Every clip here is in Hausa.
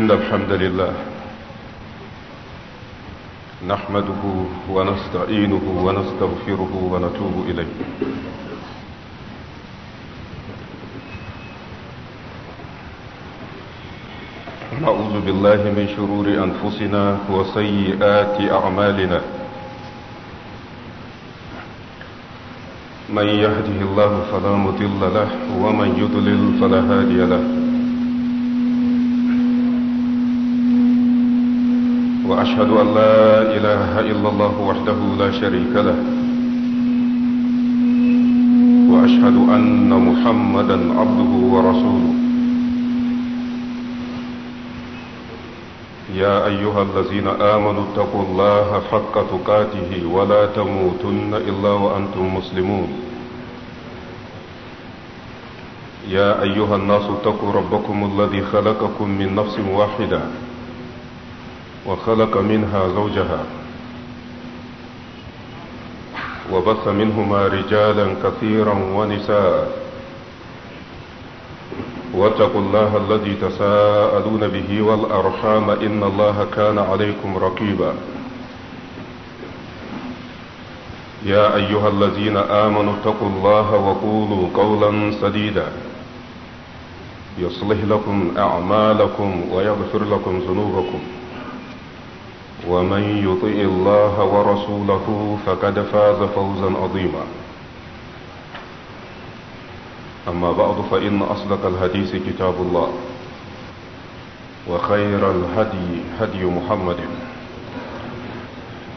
إن الحمد لله نحمده ونستعينه ونستغفره ونتوب إليه نعوذ بالله من شرور أنفسنا وسيئات أعمالنا من يهده الله فلا مضل له ومن يضلل فلا هادي له وأشهد أن لا إله إلا الله وحده لا شريك له وأشهد أن محمدا عبده ورسوله يا أيها الذين آمنوا اتقوا الله حق تقاته ولا تموتن إلا وأنتم مسلمون يا أيها الناس اتقوا ربكم الذي خلقكم من نفس واحدة وخلق منها زوجها وبث منهما رجالا كثيرا ونساء واتقوا الله الذي تساءلون به والأرحام إن الله كان عليكم رقيبا يا أيها الذين آمنوا اتقوا الله وقولوا قولا سديدا يصلح لكم أعمالكم ويغفر لكم ذنوبكم ومن يطع الله ورسوله فقد فاز فوزا عظيما أما بعد فإن أصدق الحديث كتاب الله وخير الهدي هدي محمد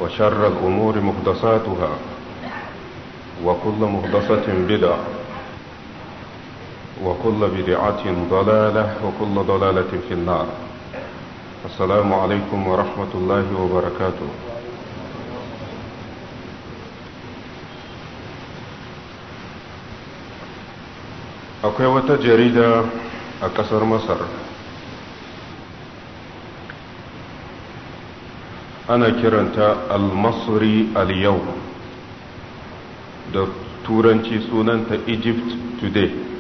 وشر الأمور محدثاتها وكل محدثة بدعة وكل بدعة ضلالة وكل ضلالة في النار السلام عليكم ورحمة الله وبركاته akwai wata jarida a ƙasar masar ana kiranta al-masri al-yau da turanci sunanta egypt today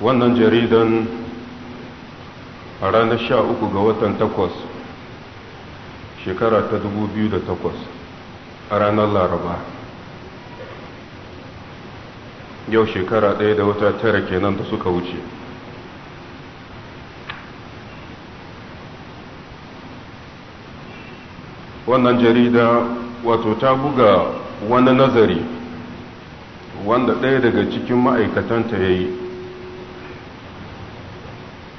wannan jaridan a ranar sha uku ga watan takwas shekara ta dubu biyu da takwas a ranar laraba yau shekara ɗaya da wata tara kenan da suka wuce wannan jarida wato ta buga wani nazari wanda ɗaya daga cikin ma'aikatanta ya yi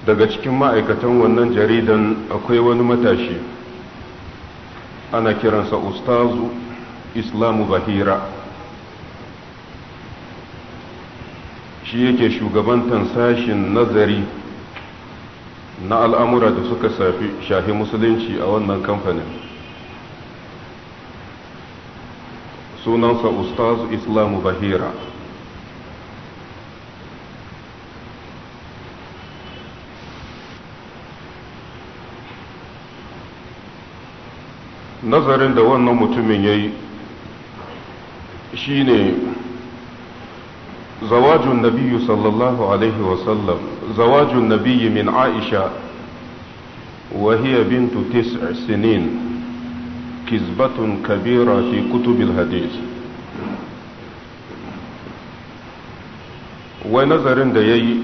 daga cikin ma'aikatan wannan jaridan akwai wani matashi ana kiransa ustazu islamu bahira shi yake shugabantan sashin nazari na al'amura da suka shafi musulunci a wannan kamfanin sunansa ustazu islamu bahira nazarin da wannan mutumin ya yi shi ne zawajun nabiyu sallallahu alaihi wasallam zawajun nabiyu min aisha wahiya bintu tis'a sinin kizbatun kabira fi kutubil hadith wai nazarin da ya yi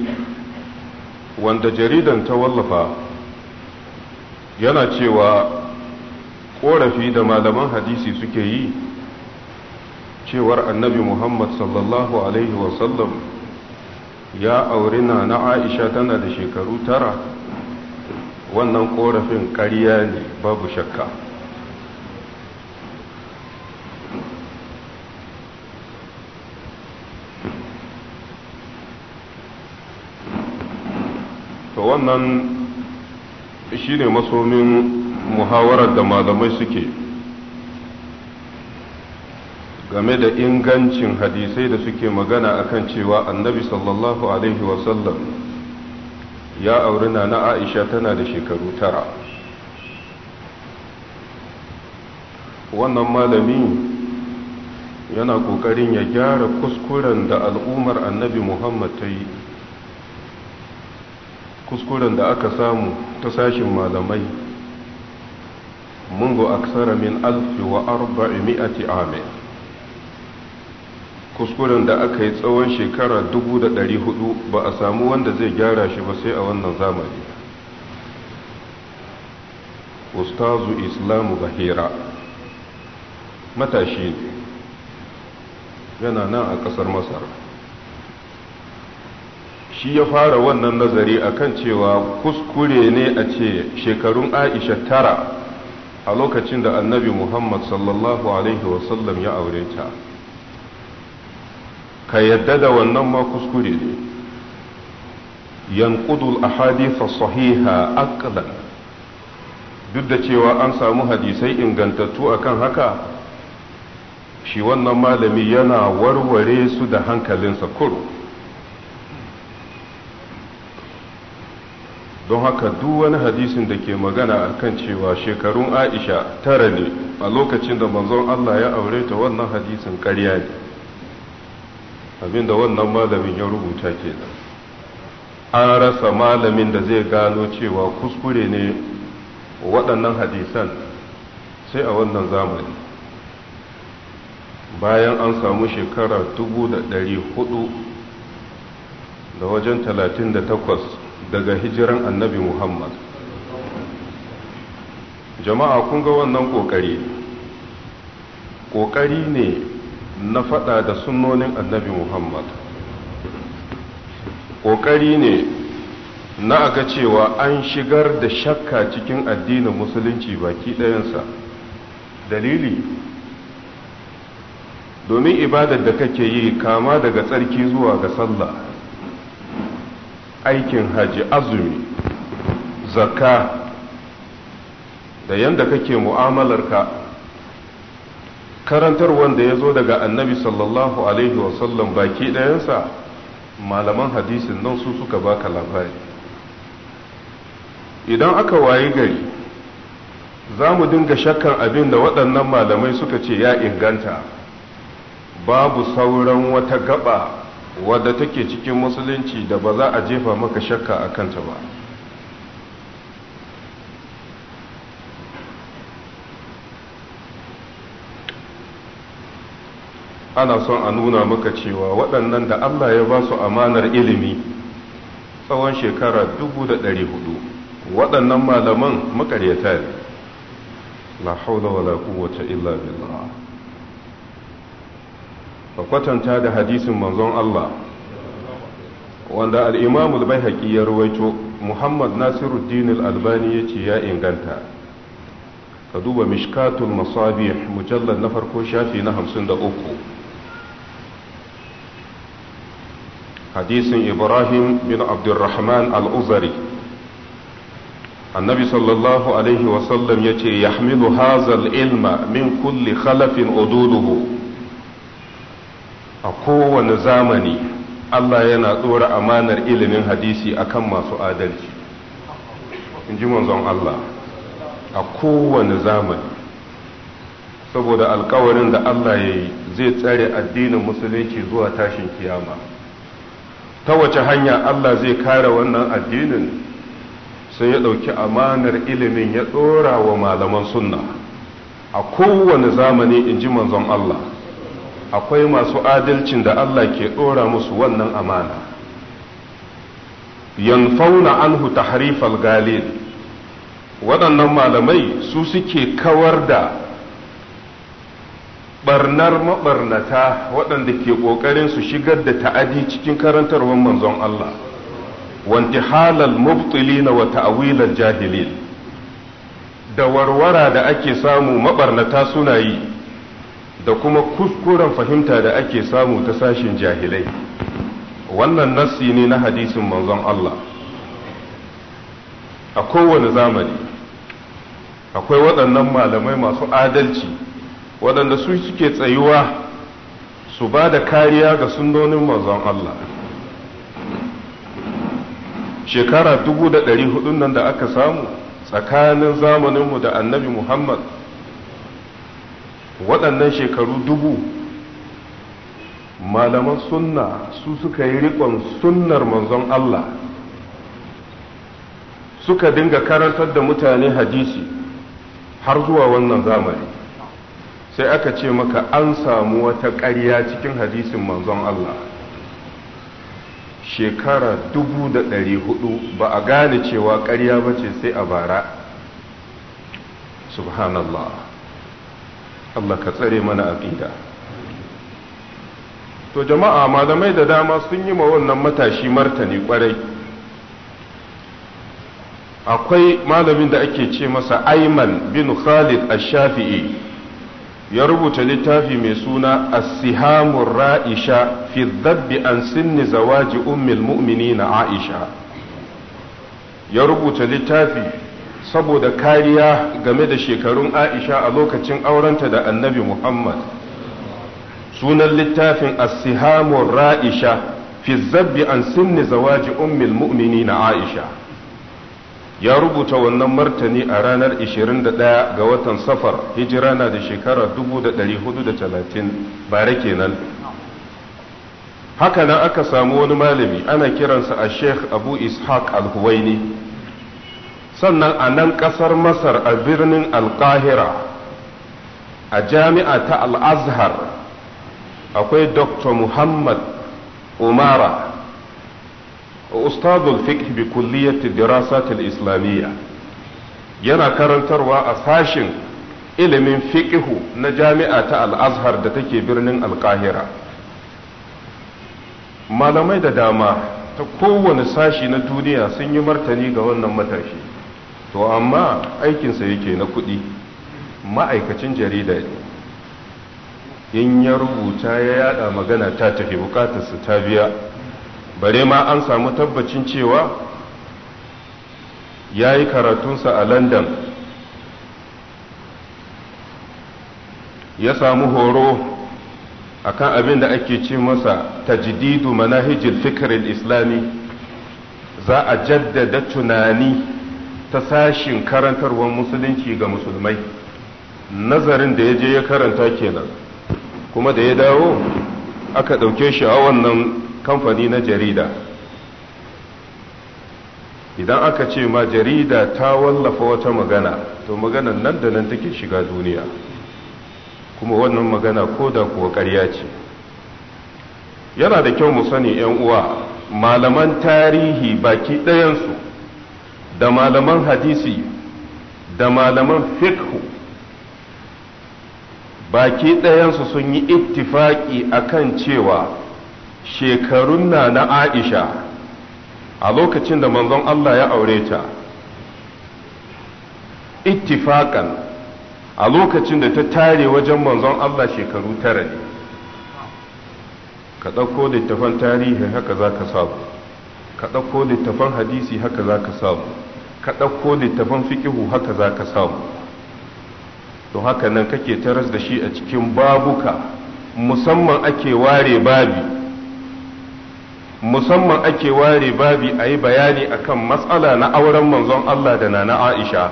wanda jaridan ta wallafa yana cewa korafi da malaman hadisi suke yi cewar annabi muhammad sallallahu alaihi wasallam ya auri na na aisha tana da shekaru tara wannan korafin ƙarya ne babu shakka to wannan shi ne masomin muhawarar da malamai suke game da ingancin hadisai da suke magana akan cewa annabi sallallahu alaihi wasallam ya auri na na aisha tana da shekaru tara wannan malami yana ƙoƙarin ya gyara kuskuren da al'ummar annabi muhammad ta yi kuskuren da aka samu ta sashin malamai منذ أكثر من ألف وأربعمائة عام kuskuren da aka yi tsawon shekara dubu da ɗari hudu ba a samu wanda zai gyara shi ba sai a wannan zamani ustazu islamu bahira matashi yana nan a ƙasar masar shi ya fara wannan nazari a kan cewa kuskure ne a ce shekarun aisha tara a lokacin da annabi muhammad sallallahu alaihi wasallam ya aure ta ka yadda da wannan ma kuskure ne yankudul ahaditha sahiha aqlan duk da cewa an samu hadisai ingantattu akan haka shi wannan malami yana warware su da hankalinsa kuro don haka duk wani hadisin da ke magana a kan cewa shekarun aisha tara ne a lokacin da manzon Allah ya aure ta wannan hadisin karya ne abinda wannan malamin ya rubuta ke nan. an rasa malamin da zai gano cewa kuskure ne waɗannan hadisan sai a wannan zamani bayan an samu shekara dubu da ɗari hudu da wajen talatin da takwas daga hijiran annabi muhammad jama'a kun ga wannan ƙoƙari ƙoƙari ne na faɗa da sunnonin annabi muhammad ƙoƙari ne na aga cewa an shigar da shakka cikin addinin musulunci baki ɗayansa dalili domin ibadar da kake yi kama daga tsarki zuwa ga sallah aikin haji azumi zakka da yadda kake mu'amalarka karantar wanda ya zo daga annabi sallallahu alaihi wasallam baki ɗayansa malaman hadisin nan su suka baka labari idan aka wayi gari za mu dinga shakkan abin da waɗannan malamai suka ce ya inganta babu sauran wata gaba wadda take cikin musulunci da ba za a jefa maka shakka a kanta ba ana son a nuna maka cewa waɗannan da Allah ya ba su amanar ilimi tsawon shekara dubu da ɗari hudu waɗannan malaman makaryata ne la haula wala quwwata illa billah ka kwatanta da hadisin manzon Allah wanda al-Imam al-Baihaqi ya rawaito Muhammad Nasiruddin al-Albani yace ya inganta ka duba Mishkatul Masabih mujallar na farko shafi na uku. hadisin Ibrahim bin Abdurrahman al-Uzari النبي صلى الله عليه وسلم يتي يحمل هذا العلم من كل خلف أدوده a kowane zamani Allah yana tsora amanar ilimin hadisi akan masu adalci in ji manzon Allah a kowane zamani saboda alkawarin da Allah ya yi zai tsare addinin musulunci zuwa tashin kiyama ta wace hanya Allah zai kare wannan addinin sai ya ɗauki amanar ilimin ya tsora wa malaman sunna a kowane zamani in ji manzon Allah akwai masu adalcin da Allah ke ɗora musu wannan amana yanfauna anhu harifar galil waɗannan malamai su suke kawar da barnar maɓarnata waɗanda ke ƙoƙarin su shigar da ta'adi cikin karantarwar manzon Allah wanti halal mubtilina wa ta'wilal jahilin da warwara da ake samu maɓarnata suna yi da kuma kuskuren fahimta da ake samu ta sashin jahilai wannan nassi ne na hadisin manzon Allah a kowane zamani akwai waɗannan malamai masu adalci waɗanda su suke tsayuwa su ba da kariya ga sunnonin manzon Allah shekara dubu da ɗari hudun nan da aka samu tsakanin zamaninmu da annabi Muhammad waɗannan shekaru dubu malaman sunna su suka yi riƙon sunnar manzon Allah suka dinga karantar da mutane hadisi har zuwa wannan zamani sai aka ce maka an samu wata ƙarya cikin hadisin manzon Allah shekara dubu da ɗari hudu ba a gane cewa ƙarya ba ce sai a bara subhanallah Allah ka tsare mana aqida to jama'a malamai da dama sun yi ma wannan matashi martani kwarai akwai malamin da ake ce masa Ayman bin Khalid Ash-Shafi'i ya rubuta littafi mai suna As-Sihamur Ra'isha fi dhabbi an sinni zawaji ummil na Aisha ya rubuta littafi saboda kariya game da shekarun aisha a lokacin aurenta da annabi muhammad sunan littafin asihamun ra'isha fi zabbi an sinni zawaji ummil mu'mini na aisha ya rubuta wannan martani a ranar 21 ga watan safar hijira na da shekara 1430 bare kenan haka nan aka samu wani malami ana kiransa a sheikh abu ishaq al-huwaini sannan a nan ƙasar masar a birnin alkahira a jami'a ta al'azhar akwai dr muhammad umara ustadul fiqh bi kulliyati dirasat islamiyya yana karantarwa a sashin ilimin fiqhu na jami'a ta al'azhar da take birnin alkahira malamai da dama ta kowane sashi na duniya sun yi martani ga wannan matashi to amma aikinsa yake na kuɗi ma'aikacin jarida in ya rubuta ya yada magana ta tafi bukatarsa ta biya bare ma an samu tabbacin cewa ya yi karatunsa a london ya samu horo akan abin da ake ce masa tajdidu manahijil fikr islami za a jaddada tunani ta sashin karantarwar musulunci ga musulmai nazarin da ya je ya karanta kenan kuma da ya dawo aka ɗauke shi a wannan kamfani na jarida idan aka ce ma jarida ta wallafa wata magana to magana nan da nan take shiga duniya kuma wannan magana ko da kuwa karya ce yana da kyau mu sani 'yan uwa malaman tarihi baki ɗayansu da malaman hadisi da malaman fiqhu baki ɗayansu sun yi a akan cewa shekarun na na aisha a lokacin da manzon Allah ya aure ta ittifakan a lokacin da ta tare wajen manzon Allah shekaru tara ne ka ɗauko littafan tarihi haka za ka samu ka ɗauko littafan hadisi haka za ka samu ka ɗauko littafin fikihu haka za ka samu don haka nan kake taras da shi a cikin babuka musamman ake ware babi musamman ake ware babi a yi bayani akan matsala na auren manzon Allah da na Aisha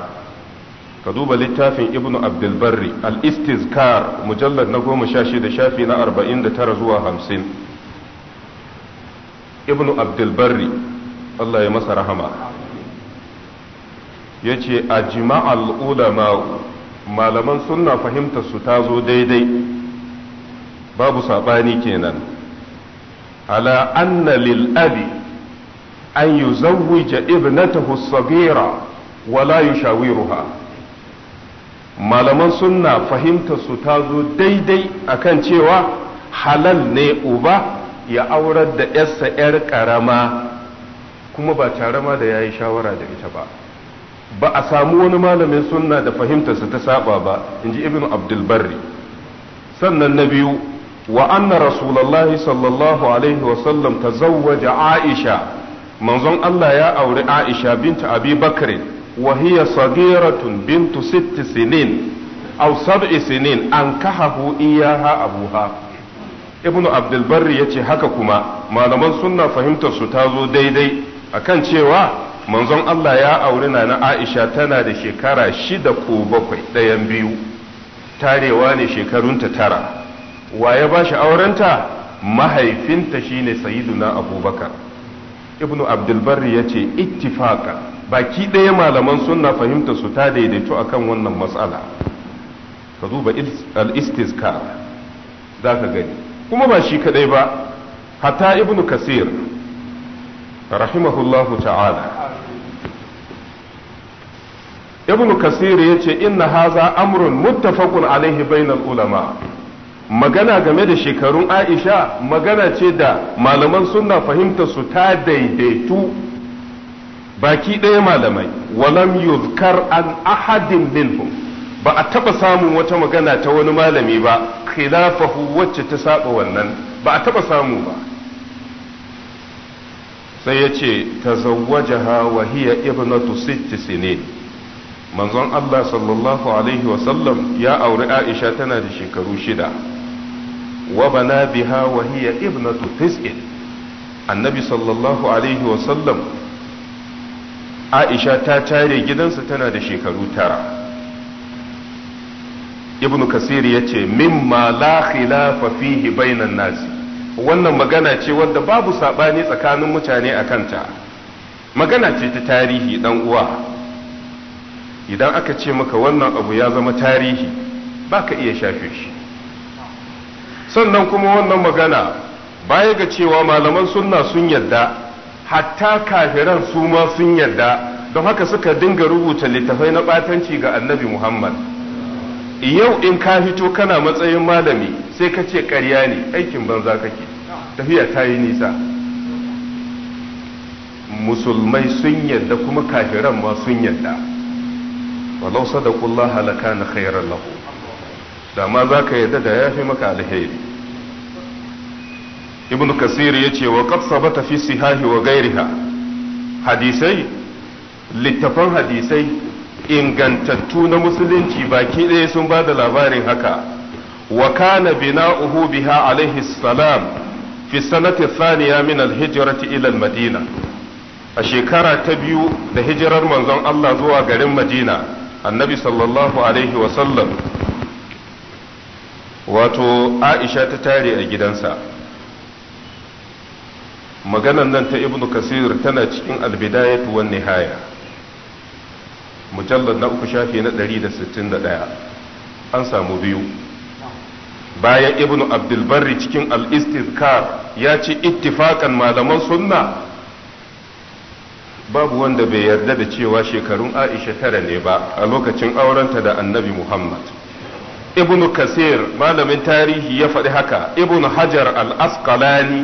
ka duba littafin ibnu abdulbarri al-istizkar mujallar na goma sha shida shafi na arba'in da tara zuwa hamsin ibnu abdulbarri Allah ya masa rahama ya ce a jima'al ulama malaman suna fahimtar su ta zo daidai babu saɓani kenan ala anna lil abi an yi yuzawwija ibnatahu sagira wala yushawiruha malaman suna fahimtar su ta zo daidai akan cewa halal ne uba ya aurar da yarsa yar ƙarama. kuma ba tare ma da yayi shawara da ita ba ba a samu wani malamin sunna da fahimtarsa ta saba ba in ji ibn abdulbarri sannan na biyu wa anna rasulallahi sallallahu alaihi wasallam ta zawwaja aisha manzon Allah ya auri aisha binta abi bakrin wa hiya sagiratun bintu sitti sinin aw sab'i sinin an kahahu iyaha abuha ibnu abdulbarri ya ce haka kuma malaman sunna fahimtarsu ta zo daidai akan cewa manzon Allah ya auri na na Aisha tana da shekara shida ko bakwai ɗayan biyu tarewa ne shekarunta tara wa ya ba shi aurenta mahaifinta shine na abubakar ibnu abdulbarri ya ce ittifaka baki ɗaya malaman sunna fahimta su ta daidaito kan wannan matsala ka duba al-istizkar za ka gani kuma ba shi kaɗai ba hatta ibnu kasir rahimahullahu ta'ala ibn kasir ya ce inna haza amrun muttafaqun alayhi bainal ulama magana game da shekarun aisha magana ce da malaman sunna fahimta su ta daidaitu baki ɗaya malamai walam yuzkar an ahadin minhum ba a taɓa samun wata magana ta wani malami ba khilafahu wacce ta saba wannan ba a taɓa samu ba sai ya ce ta tazawwajaha wa hiya ibnatu sitti sinin manzon Allah sallallahu alaihi wasallam ya auri Aisha tana da shekaru shida wa bana biha wa hiya ibnatu tis'in annabi sallallahu alaihi wasallam Aisha ta tare gidansa tana da shekaru tara ibnu kasir ya ce mimma la khilafa fihi bainan nasi wannan magana ce wanda babu saɓani tsakanin mutane a kanta magana ce ta tarihi ɗan uwa idan aka ce maka wannan abu ya zama tarihi ba ka iya shafe shi sannan kuma wannan magana baya ga cewa malaman sunna sun yadda hatta kafiran su ma sun yadda don haka suka dinga rubuta littafai na batanci ga annabi Muhammad. Yau in ka fito kana matsayin malami, sai ka ce ƙarya ne aikin banza kake tafiya ta yi nisa musulmai sun yadda kuma kafiran ma sun yadda walau halaka na khairar lahu da ma ka yadda da yafi maka alheri ibnu ya ce wa ba sabata fi sihahi wa gairiha hadisai littafan hadisai ingantattu na musulunci baki ɗaya sun ba da labarin haka wa kana bina'uhu biha alaihi salam fi sanati thaniya min al-hijrati ila madina a shekara ta biyu da hijirar manzon Allah zuwa garin Madina annabi sallallahu alaihi wa sallam wato Aisha ta tare a gidansa Maganar nan ta ibnu kasir tana cikin albidayatu wan nihaya Mujallar na uku shafi na 161 an samu biyu bayan ibn abdulbarri cikin al ya ce ittifakan malaman sunna babu wanda bai yarda da cewa shekarun aisha tara ne ba a lokacin aurenta da annabi muhammad ibn kasir malamin tarihi ya faɗi haka ibn hajar al-asqalani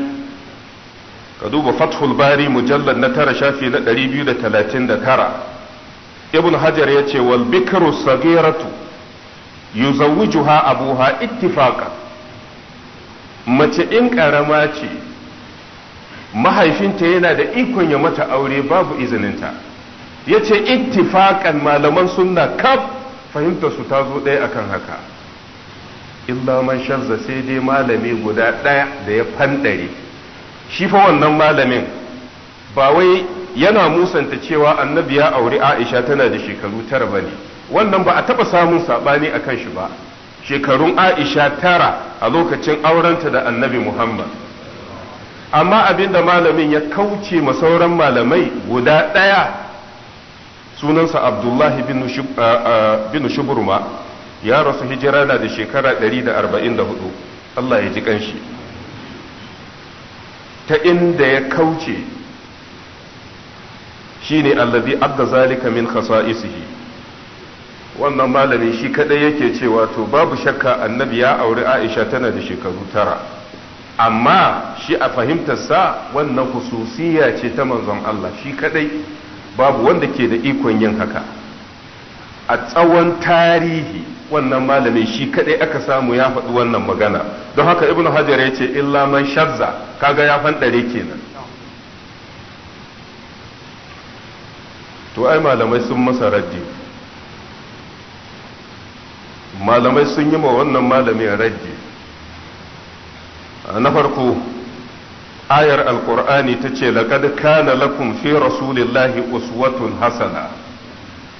ka duba fathul bari mujallar na tara shafi na 239 ibn hajar ya ce wal bikru sagiratu yuzawwijuha abuha ittifaqa mace in karama ce mahaifinta yana da ikon ya mata aure babu izininta ya ce ittifaqan malaman sunna kaf fahimta su ta zo ɗaya akan haka illa man shazza sai dai malami guda ɗaya da ya fandare shi fa wannan malamin ba wai yana musanta cewa annabi ya auri aisha tana da shekaru tara ba ne wannan ba a taɓa samun saɓani a kan shi ba shekarun aisha tara a lokacin aurenta da annabi muhammad amma abinda malamin ya kauce ma sauran malamai guda ɗaya sunansa abdullahi bin shuburma ya rasu hijira na da shekara 144 Allah ya ji kanshi ta inda ya kauce shine allazi Abda zalika min khasa'isihi wannan malami shi kadai yake cewa to babu shakka annabi ya auri aisha tana da shekaru tara amma shi a fahimtarsa wannan hususiya ce ta manzon Allah shi kadai babu wanda ke da ikon yin haka a tsawon tarihi wannan malami shi kadai aka samu ya faɗi wannan magana don haka Ibn hajar ya ce illa man shazza kaga ya fanɗare kenan to ai malamai sun masa raddi malamai sun yi ma wannan malamin raddi na farko ayar alkur'ani ta ce laƙad kana lakum fi rasulillahi uswatun hasana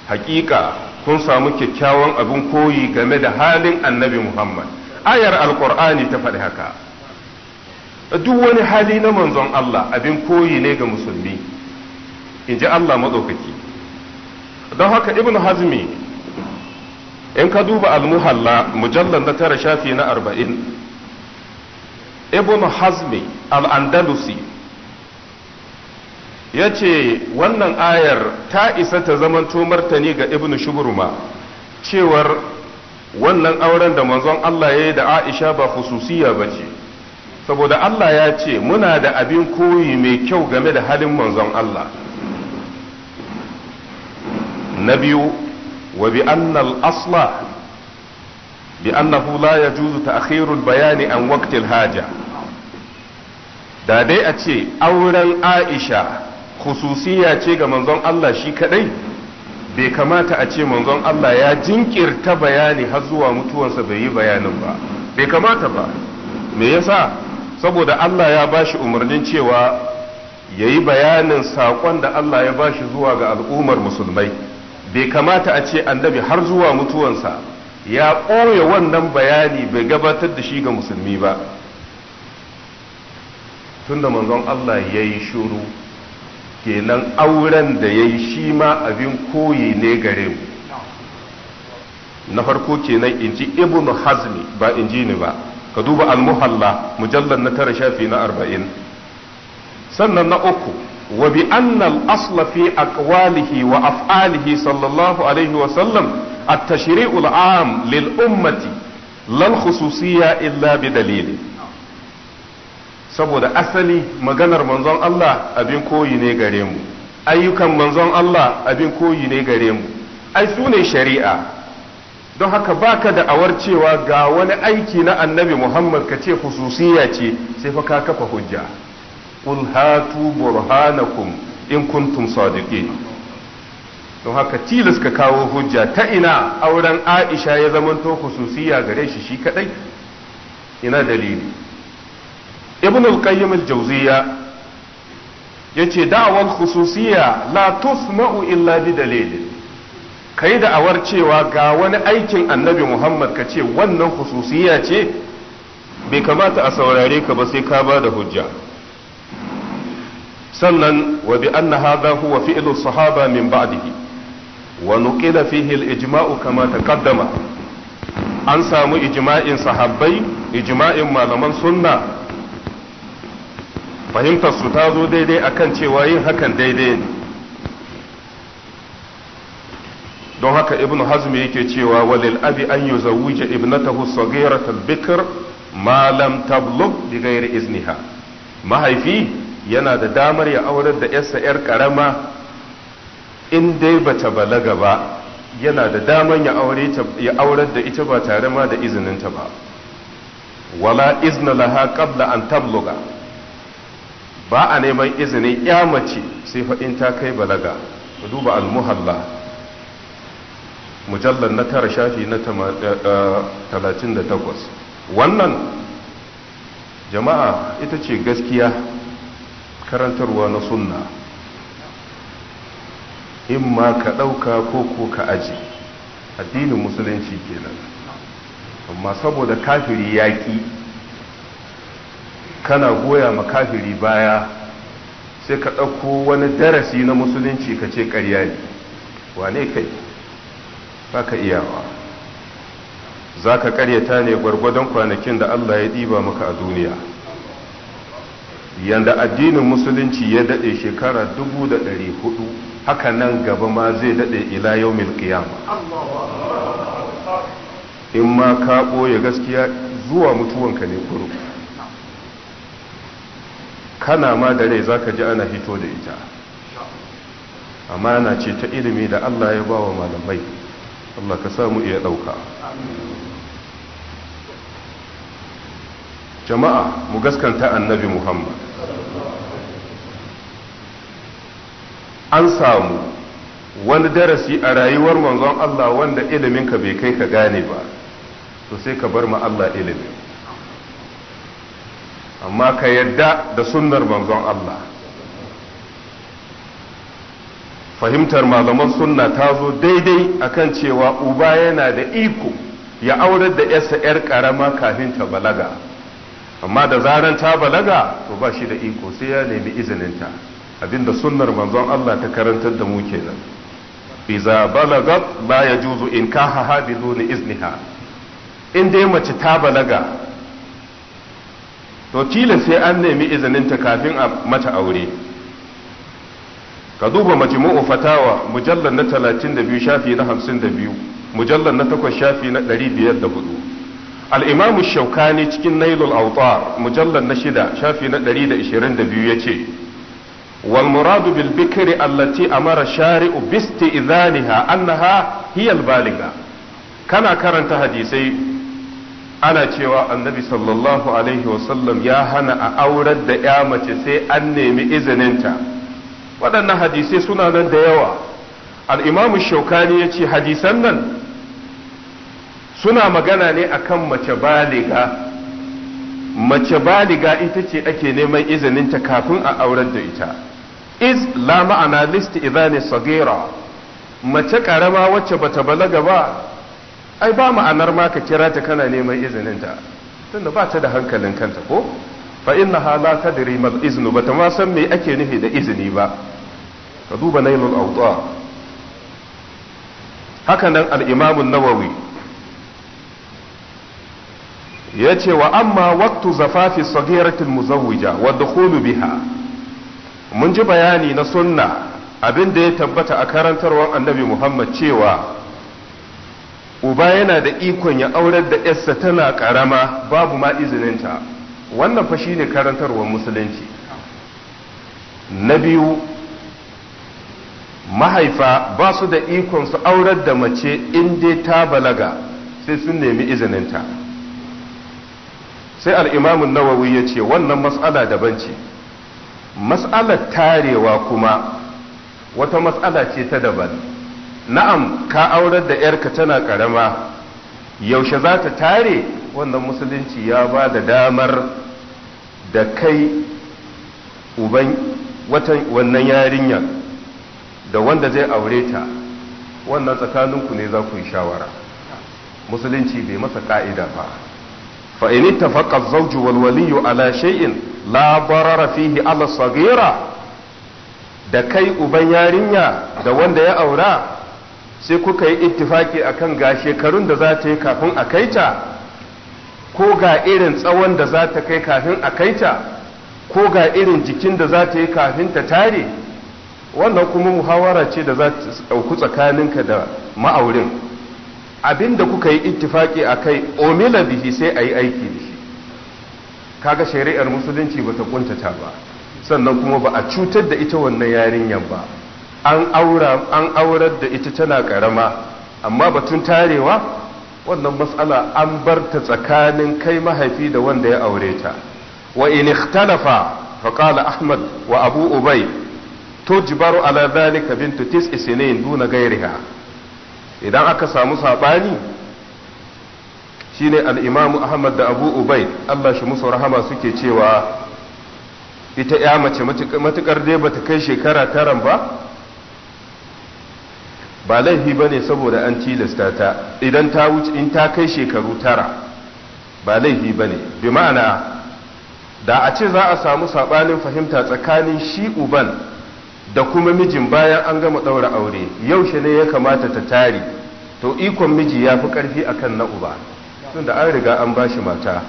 hakika kun samu kyakkyawan abin koyi game da halin annabi muhammad ayar alkur'ani ta faɗi haka duk wani hali na manzon allah abin koyi ne ga musulmi in ji allah maɗaukaki don haka ibn hazmi in ka duba almuhalla muhalla na tara shafi na arba'in ibn hazmi al-andalusi ya ce wannan ayar ta isa ta zaman martani ga ibn shuburma cewar wannan auren da manzon Allah ya yi da Aisha ba hususiya ba ce saboda Allah ya ce muna da abin koyi mai kyau game da halin manzon Allah na biyu wa الأصل بأنه لا يجوز تأخير البيان عن وقت bayani an waqtil haja da dai a ce auren Aisha khususiya ce ga manzon Allah shi kadai bai kamata a ce manzon Allah ya jinkirta bayani har zuwa mutuwansa bai yi bayanin ba bai kamata ba me yasa saboda Allah ya bashi umarnin cewa ya yi bayanin saƙon da Allah ya ba shi zuwa ga al'ummar musulmai bai kamata a ce annabi har zuwa mutuwansa ya ɓoye wannan bayani bai gabatar da shi ga musulmi ba tun da manzon Allah ya yi shuru kenan auren da ya yi shi ma abin koyi ne gare mu na farko kenan in ji ibn hazmi ba in ji ni ba ka duba al-muhalla mujallar na tara shafi na arba'in sannan na uku wa bi annal asla fi aqwalihi wa af'alihi sallallahu alaihi wa sallam at-tashri'u al-'am lil ummati lal khususiyya illa bi dalili saboda asali maganar manzon Allah abin koyi ne gare mu ayyukan manzon Allah abin koyi ne gare mu ai sune shari'a don haka baka da awar cewa ga wani aiki na annabi Muhammad ka ce hususiya ce sai fa ka kafa hujja qul hatu burhanakum in kuntum sadiqin don haka tilas ka kawo hujja ta ina auren Aisha ya zamanto khususiya gare shi shi kadai ina dalili ibn al-qayyim al-jawziya yace da'awar khususiya la tusma'u illa bi dalilin kai da'awar cewa ga wani aikin annabi Muhammad ka ce wannan khususiya ce bai kamata a saurare ka ba sai ka ba da hujja sannan wa bi anna hadha huwa fi'lu sahaba min ba'dihi wa nuqila fihi al-ijma'u kama taqaddama an samu ijma'in sahabbai ijma'in malaman sunna fahimtar su ta zo daidai akan cewa yin hakan daidai ne don haka ibn hazmi yake cewa walil abi an yuzawwija ibnatahu saghiratal bikr ma lam tablugh bi izniha mahaifi yana da damar ya aurar da yarsa yar karama in dai bata balaga ba yana da damar ya aurar da ita ba tare ma da izininta ba wala izna laha qabla an tabluga ba a neman izinin ya mace sai fa in ta kai balaga duba al-muhalla mujallar na tara shafi na 38 eh, eh, wannan jama'a ita ce gaskiya karantarwa na sunna in ma ka ɗauka ko ko ka aji addinin musulunci kenan amma saboda kafiri yaƙi kana goya ma kafiri baya sai ka ɗauko wani darasi na musulunci ka ce ƙarya ne wane kai ba ka iyawa za ka ƙaryata ne gwargwadon kwanakin da allah ya ɗiba maka a duniya yanda addinin musulunci ya daɗe shekara dubu da ɗari hudu haka nan gaba ma zai daɗe ila yau qiyama in ma ka ɓoye gaskiya zuwa mutuwanka ne kuro kana ma da rai za ka ji ana hito da ita amana ce ta ilimi da allah ya ba wa malamai allah ka samu iya ɗauka jama'a mu gaskanta annabi muhammad an samu wani darasi a rayuwar manzon Allah wanda iliminka bai kai ka gane ba to sai ka bar ma Allah ilimi, amma ka yadda da sunnar manzon Allah fahimtar malaman sunna ta zo daidai akan cewa uba yana da iko ya aurar da 'yarsa 'yar karama kafin ta balaga amma da zaran ta balaga to ba shi da iko sai ya nemi izininta abinda sunnar manzon Allah ta karantar da mu kenan iza balagat la yajuzu bi biduni izniha in dai mace ta balaga to tilin sai an nemi izininta kafin a mata aure ka duba mace majmu'u fatawa mujallar na 32 shafi na 52 mujallal na 8 shafi na 504 al'imamu shaukani cikin nailul autar mujallar na shida shafi na 122 ya ce wal muradu bil bikri allati amara shari'u bisti idaniha annaha hiyal baliga kana karanta hadisai ana cewa annabi sallallahu alaihi sallam ya hana a aurar da ya mace sai an nemi izininta waɗannan hadisai suna nan da yawa al'imamu shaukani ya ce hadisan nan suna magana ne akan mace baliga mace baliga ita ce ake neman izininta kafin a aurar da ita is la ma'ana list idani sagira mace karama wacce bata balaga ba ai ba ma'anar ma ka kira ta kana neman izininta tunda ba ta da hankalin kanta ko fa ha la tadri ma iznu bata ma san me ake nufi da izini ba ka duba nailul awda haka nan al-imam an-nawawi ya ce wa amma waktu zafafi sagiratul muzawwija wa dukhulu biha mun ji bayani na sunna abin da ya tabbata a karantarwar annabi Muhammad cewa uba yana da ikon ya aurar da yarsa tana karama babu ma izininta wannan fa shine karantarwar musulunci na biyu mahaifa ba su da ikon su aurar da mace in dai ta balaga sai sun nemi izininta sai al'imamun nawawi ya ce wannan matsala daban ce mas'alar tarewa kuma wata matsala ce ta daban na'am ka aurar da ‘yarka tana ƙarama yaushe za ta tare wannan musulunci ya ba da damar da kai uban wannan yarinya da wanda zai aure ta wannan tsakaninku ne za ku yi shawara musulunci bai masa ka'ida ba fa in ittafaqa az-zawju wal waliyyu ala shay'in la darara da kai uban yarinya da wanda ya aura sai kuka yi ittifaki akan ga shekarun da za ta yi kafin a kaita ko ga irin tsawon da za ta kai kafin a kaita ko ga irin jikin da za ta yi kafin ta tare wannan kuma muhawara ce da za ta ɗauku tsakaninka da ma'aurin Abin da kuka yi ittifaki a kai omila bihi sai a yi aiki da shi kaga shari'ar musulunci ba ta kuntata ba sannan kuma ba a cutar da ita wannan yarinyar ba an aurar da ita tana karama amma batun tarewa wannan matsala an bar ta tsakanin kai mahaifi da wanda ya aure ta wa in ikhtalafa faqala ahmad wa abu ubay tujbaru ala dhalika bintu tis'i sinin duna ghayriha idan aka samu saɓani shine al'imamu ahmad da abu ubaid allah shi musu rahama suke cewa ita ya mace matukar dai bata kai shekara taran ba ba laifi ba ne saboda an tilasta ta idan ta wuce in ta kai shekaru tara ba laifi ba ne bi ma'ana da a ce za a samu saɓanin fahimta tsakanin shi uban da kuma mijin bayan an gama ɗaura aure yaushe ne ya kamata ta tari to ikon miji ya fi ƙarfi akan na uba tun da an riga an bashi mata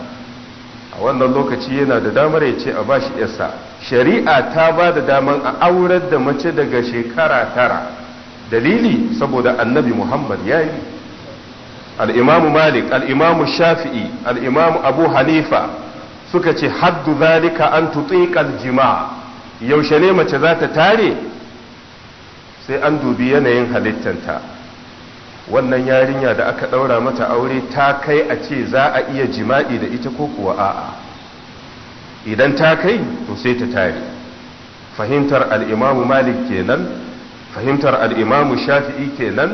a wannan lokaci yana da damar ya ce a bashi yarsa shari'a ta ba da damar a aurar da mace daga shekara tara dalili saboda annabi muhammad ya yi al'imamu malik al'imamu shafi'i al'imamu abu hanifa suka ce haddu zalika an tutsiƙar jima'a yaushe ne mace za ta tare sai an dubi yanayin halittanta wannan yarinya da aka ɗaura mata aure ta kai a ce za a iya jima'i da ita ko kuwa a'a idan ta kai to sai ta tare fahimtar al'imamu malik kenan fahimtar al'imamu shafi'i kenan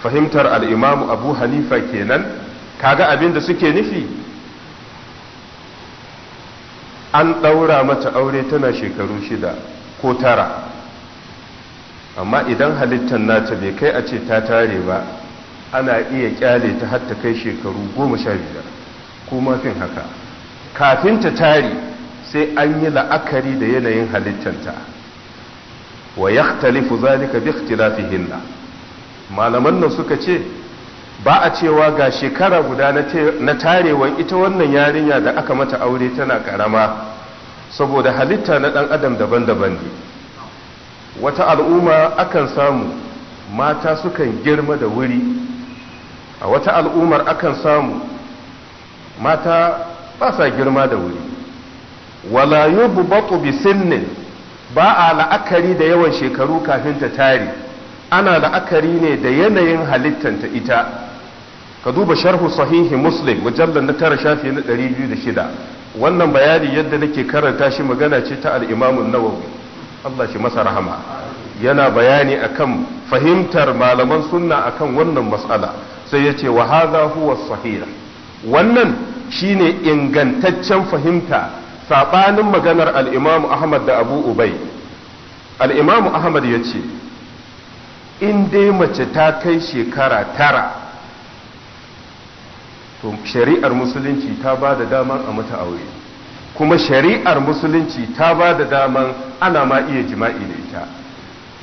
fahimtar al'imamu abu hanifa kenan kaga abin da suke nufi an ɗaura mata aure tana shekaru shida ko tara amma idan halittar nata bai kai a ce ta tare ba ana iya kyale ta hatta kai shekaru goma sha biyar ko mafin haka kafin ta tare sai an yi la'akari da yanayin halittanta wa ya zalika bi ikhtilafihinna malaman nan suka ce ba a cewa ga shekara guda na tarewar ita wannan yarinya da aka mata aure tana karama saboda halitta na ɗan adam daban-daban ne wata al'umma akan samu mata sukan girma da wuri a wata al'ummar akan samu mata ba sa girma da wuri wala yubbatu bi sinnin ba a la'akari da yawan shekaru kafin ta tare ana la'akari ne da yanayin halittanta ita ka duba sharhu sahihi muslim mujallar na tara shafi na da shida wannan bayani yadda nake karanta shi magana ce ta al-imamun nawawi Allah shi masa rahama yana bayani akan fahimtar malaman sunna akan wannan mas'ala sai ya ce wa hadha huwa sahih wannan shine ingantaccen fahimta sabanin maganar al ahmad da abu ubai. alimamu ahmad ya ce in dai mace ta kai shekara tara to shari'ar musulunci ta ba da daman a mata aure kuma shari'ar musulunci ta ba da daman ana ma iya jima'i da ita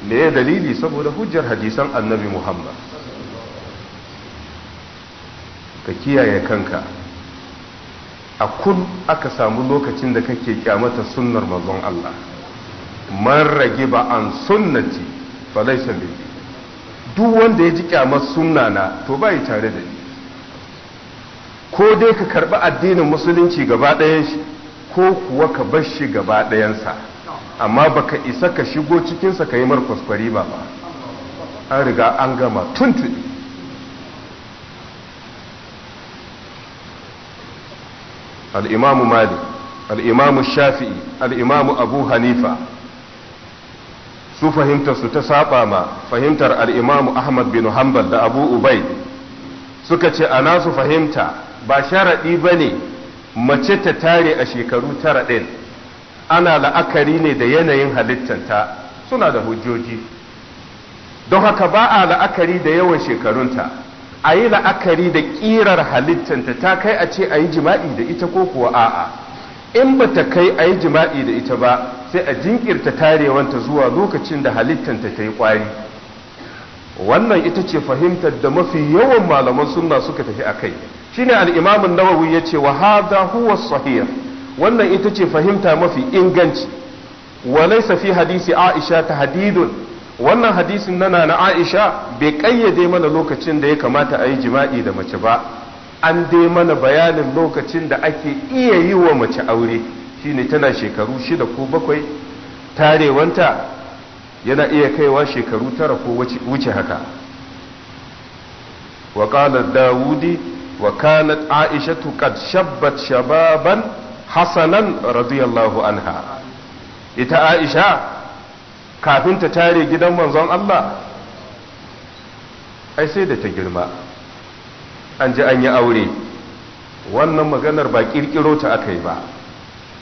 me ya dalili saboda hujjar hadisan annabi muhammad ka kiyaye kanka a kun aka samu lokacin da kake kyamata sunnar mazon allah man rage ba an sunnati falaisan duk wanda ya ji kyamar sunna na to bai tare da ni ko dai ka karɓi addinin musulunci gaba ɗayan shi ko kuwa ka bar shi gaba ɗayansa amma baka isa ka shigo cikinsa ka yi markwaskwari ba ba an riga an gama tuntuni al'imamu malik al'imamu shafi'i al'imamu abu hanifa su fahimtarsu ta saba ma fahimtar al'imamu ahmad bin hanbal da abu ubai suka ce a su fahimta ba sharaɗi ba ne mace ta tare a shekaru tara ɗin ana la'akari ne da yanayin halittanta suna da hujjoji don haka ba a la'akari da yawan shekarunta a yi la'akari da ƙirar halittanta ta kai a ce a yi jima'i da ita ko kuwa a'a in ba ta kai a yi jima'i da ita ba sai a jinkirta tarewanta zuwa lokacin da halittanta ta yi ƙwari wannan ita ce fahimtar da mafi yawan malaman suna suka tafi a kai shine al-imam an-nawawi yace wa hadha huwa sahih wannan ita ce fahimta mafi inganci wa laysa fi hadisi aisha ta tahdidun wannan hadisin nana na aisha bai kayyade mana lokacin da ya kamata a yi jima'i da mace ba an dai mana bayanin lokacin da ake iya yi wa mace aure shine tana shekaru shida ko bakwai tarewanta yana iya kaiwa shekaru tara ko wuce haka wa qala dawudi wa kanat aishatu qad shabbat shababan hasanan radiyallahu anha ita aisha kafinta tare gidan manzon Allah ai sai da ta girma an ji an aure wannan maganar ba kirkiro ta aka yi ba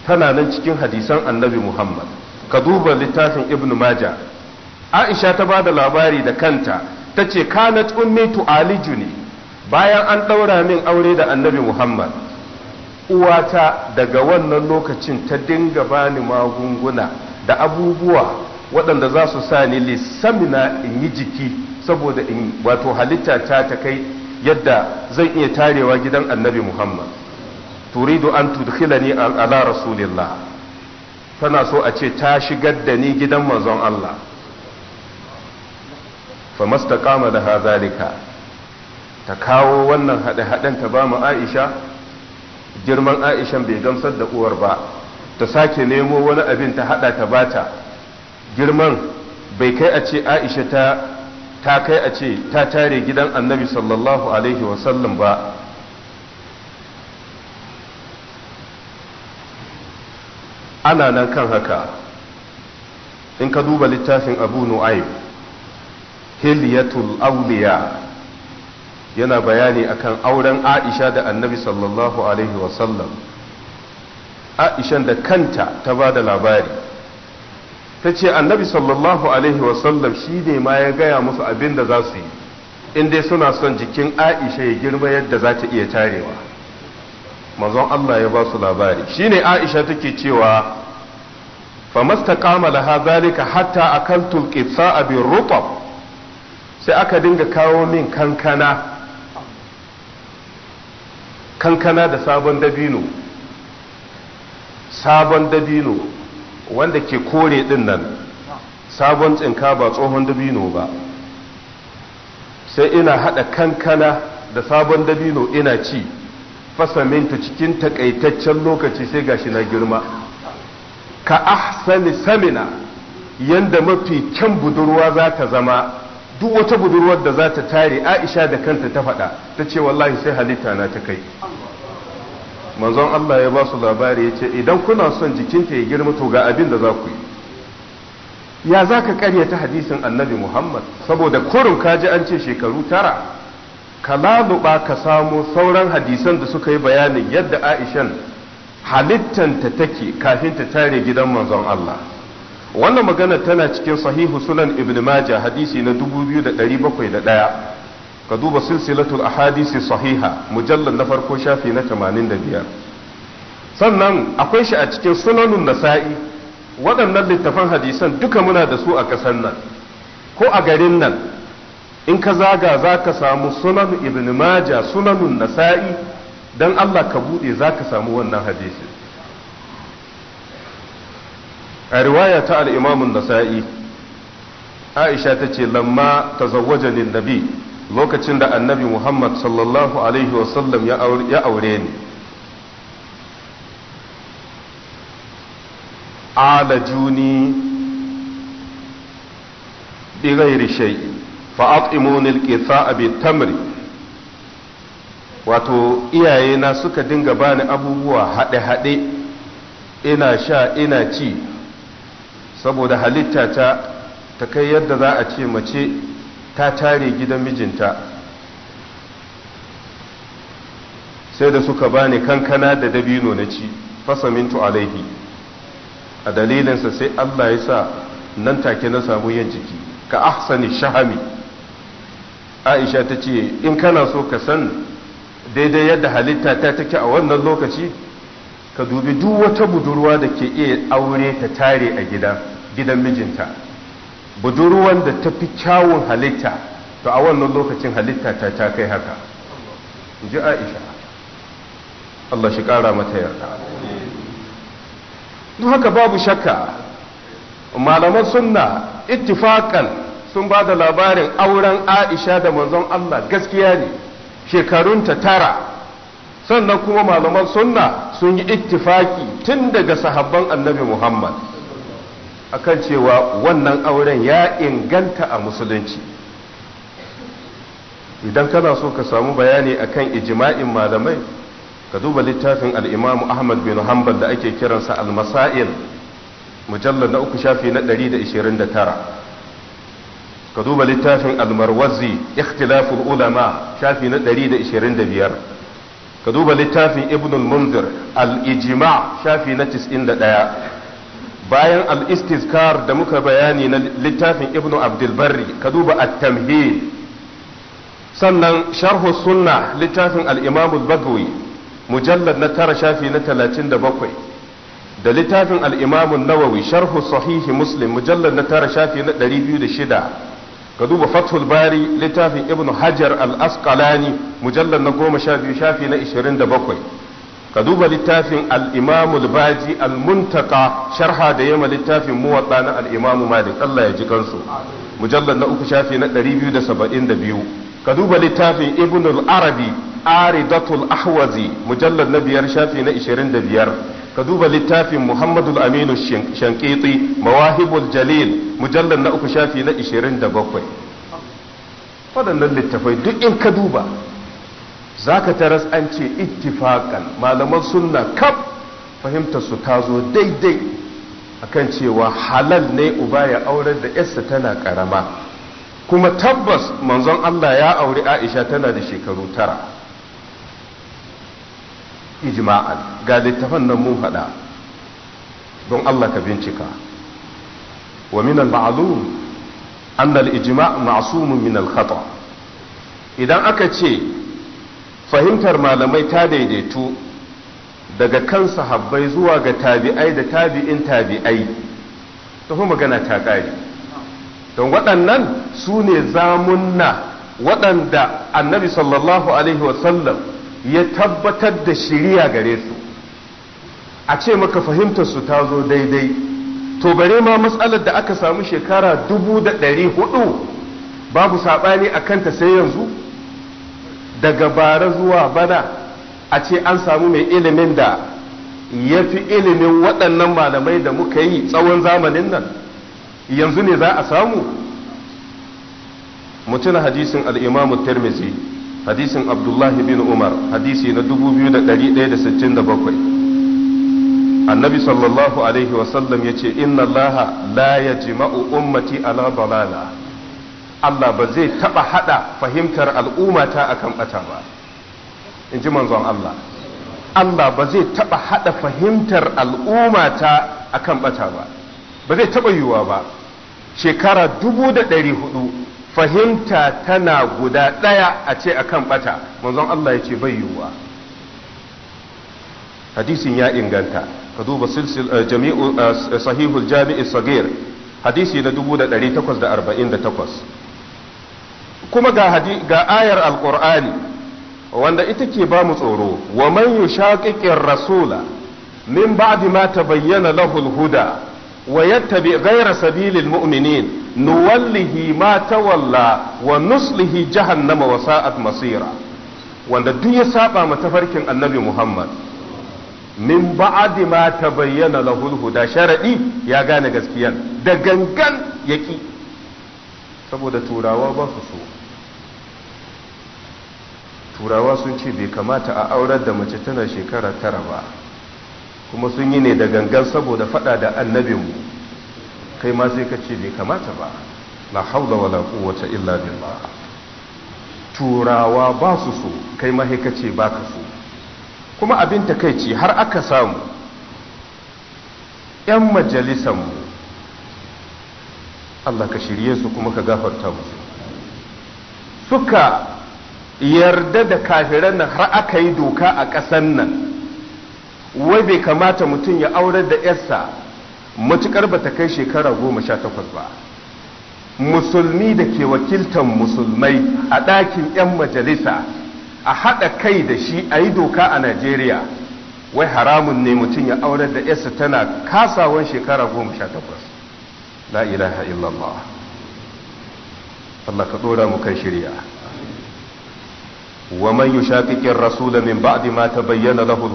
tana nan cikin hadisan annabi muhammad ka littafin ibn maja aisha ta ba da labari da kanta ta ce kanat ummi Aliju ne bayan an ɗaura min aure da annabi muhammad uwata daga wannan lokacin ta dinga bani magunguna da abubuwa waɗanda za su sa ni lissamina in yi jiki saboda in wato halitta ta ta kai yadda zan iya tarewa gidan annabi muhammad turidu an ni ala rasulillah tana so a ce ta shigar da ni gidan manzon allah mastaqama da zalika ta kawo wannan haɗe-haɗen ta ba mu aisha girman aishan bai gamsar da uwar ba ta sake nemo wani abin ta haɗa ta bata girman bai kai a ce aisha ta ta kai a ce ta tare gidan annabi sallallahu alaihi wasallam ba ana nan kan haka in ka duba littafin abu nu'aib hilyatul awliya yana bayani akan auren aisha da annabi sallallahu alaihi wasallam aishan da kanta ta ba da labari ta ce annabi sallallahu alaihi wasallam shi ne ma ya gaya musu abin da za su yi in dai suna son jikin aisha ya girma yadda za ta iya tarewa mazan allah ya ba su labari shi ne aisha take cewa famastaqama laha zalika hatta akaltu al-qitsa bi rutab sai aka dinga kawo min kankana kankana da sabon dabino sabon dabino wanda ke kore din nan sabon tsinka ba tsohon dabino ba sai ina haɗa kankana da sabon dabino ina ci fasaminta cikin takaitaccen lokaci sai gashi na girma ka ahsani samina yanda mafi kyan budurwa za ta zama duk wata budurwar da za ta tare aisha da kanta ta faɗa ta ce wallahi sai halitta na ta kai manzon Allah ya ba su labari ya ce idan kuna son jikinta ya girma to ga abin da za ku yi ya za ka karyata hadisin annabi muhammad saboda kurin kaji an ce shekaru tara ka laluba ka samo sauran hadisan da suka yi bayanin yadda aishan halittanta take kafin ta tare gidan manzon Allah wannan magana tana cikin sahihu sunan ibn majah hadisi na 2701 ka duba silsilatul ahadisi sahiha mujallar na farko shafi na 85 sannan akwai shi a cikin sunanun nasa'i waɗannan littafan hadisan duka muna da su a ƙasar nan ko a garin nan in ka zaga za ka samu sunan ibn majah sunanun nasa'i don allah ka buɗe za ka samu wannan hadisi. a riwaya ta al'imamun nasa'i aisha ta ce lamma ta zawajalin nabi lokacin da annabi muhammad sallallahu alaihi wasallam ya aure ni ala juni bi ghairi shay'in fa'atimuni alqitha'a bi tamri wato iyayena suka dinga bani abubuwa haɗe-haɗe ina sha ina ci saboda halitta ta ta kai yadda za a ce mace ta tare gidan mijinta sai da suka bani kankana da dabino na ci fasamintu alaihi a dalilinsa sai Allah ya sa nan take na samu yin jiki ka ahsani shahami aisha ta ce in kana so ka san daidai yadda halitta ta take a wannan lokaci ka dubi duk wata budurwa da ke iya aure ta tare a gida gidan mijinta budurwan da ta fi kyawun halitta to a wannan lokacin halitta ta ta kai haka ji aisha Allah shi ƙara mata yarda don haka babu shakka malaman sunna ittifakan sun ba da labarin auren aisha da manzon Allah gaskiya ne shekarunta tara sannan kuma malaman sunna sun yi ittifaki tun daga sahabban annabi muhammad akan cewa wannan auren ya inganta a musulunci idan kana so ka samu bayani akan ijma'in malamai ka duba littafin al'imamu ahmad bin hanbal da ake kiransa al-masail mujallar na uku shafi na 129 ka duba littafin al-marwazi ikhtilaful ulama shafi na 125 ka duba littafin ibn al-munzir al-ijma shafi na 91 bayan al-istizkar da muka bayani na littafin ibnu abdulbarri ka duba at-tamhid sannan sharhu sunna littafin al-imam al-bagawi mujallad na tara shafi na 37 da littafin al-imam an-nawawi sharhu sahihi muslim mujallad na tara shafi na 206 ka duba fathul bari littafin ibnu hajar al-asqalani mujallad na 12 shafi na 27 ka duba littafin al-imam al-baji al-muntaka sharha da yamma littafin muwatta na al-imam malik Allah ya ji kansu mujallad na uku shafi na 272 ka duba littafin ibn al-arabi aridatul ahwazi mujallad na biyar shafi na 25 ka duba littafin muhammad al-aminu shankiti mawahibul jalil mujallad na uku shafi na 27 waɗannan littafai duk in ka duba zaka taras an ce ittifakan malaman sunna kaf fahimta su ta zo daidai akan cewa halal ne uba ya aurar da yarsa tana karama kuma tabbas manzon Allah ya auri Aisha tana da shekaru tara ijma'an ga littafan nan mun faɗa don Allah ka bincika wa min al-ma'lum anna al-ijma' ma'sumun min idan aka ce fahimtar malamai ta daidaitu daga kan sahabbai zuwa ga tabi'ai da tabi'in tabi'ai tafi magana ta ƙari don waɗannan su ne zamunna waɗanda annabi sallallahu alaihi wasallam ya tabbatar da shiriya gare su a ce maka fahimtar su ta zo daidai to bare ma matsalar da aka samu shekara dubu da ɗari hudu babu saɓani a kanta sai yanzu daga bara zuwa bana a ce an samu mai ilimin da ya fi ilimin waɗannan malamai da muka yi tsawon zamanin nan yanzu ne za a samu mutuna hadisin al'imamu tirmizi hadisin abdullahi bin umar hadisi na 2167 annabi sallallahu alaihi wasallam ya ce inna allaha la ya jima'u ummati ala balala Allah ba zai taɓa haɗa fahimtar al'ummata akan ɓata ba in ji manzon Allah Allah ba zai taɓa haɗa fahimtar al'ummata akan ɓata ba ba zai taɓa yiwuwa ba shekara dubu da ɗari hudu fahimta tana guda ɗaya a ce akan ɓata manzon Allah ya ce bai yiwuwa hadisin ya inganta ka duba eh, eh, sahihul jami'i sagir hadisi na takwas. kuma ga ga ayar alqur'ani wanda ita ke ba mu tsoro wa man yushaqiqir rasula min ba'di ma tabayyana lahu al-huda wa yattabi ghayra sabilil mu'minin nuwallihi ma tawalla wa nuslihi jahannama wa sa'at masira wanda duk ya saba ma tafarkin annabi Muhammad min ba'di ma tabayyana lahu al-huda sharadi ya gane gaskiyan da gangan yaki saboda turawa ba su so turawa sun ce bai kamata a aurar da mace tana shekara tara ba kuma sun yi ne da gangan saboda fada da annabinmu kai ma sai ka ce bai kamata ba la haula wala quwwata illa billah turawa ba su so kai ma sai ka ce ba ka so kuma abin takeici har aka samu yan mu Allah ka shirye su kuma ka gafarta musu suka yarda da kafiran nan har aka yi doka a ƙasan nan wai bai kamata mutum ya aurar da yarsa matukar ba ta kai shekara goma sha takwas ba musulmi da ke wakiltan musulmai a ɗakin 'yan majalisa a haɗa kai da shi a yi doka a najeriya wai haramun ne mutum ya aurar da yarsa tana kasawan shekara goma sha takwas la ilaha illallah Allah ka ɗora mu kan shirya wa man yushaqiqir rasula min ba'di ma tabayyana lahu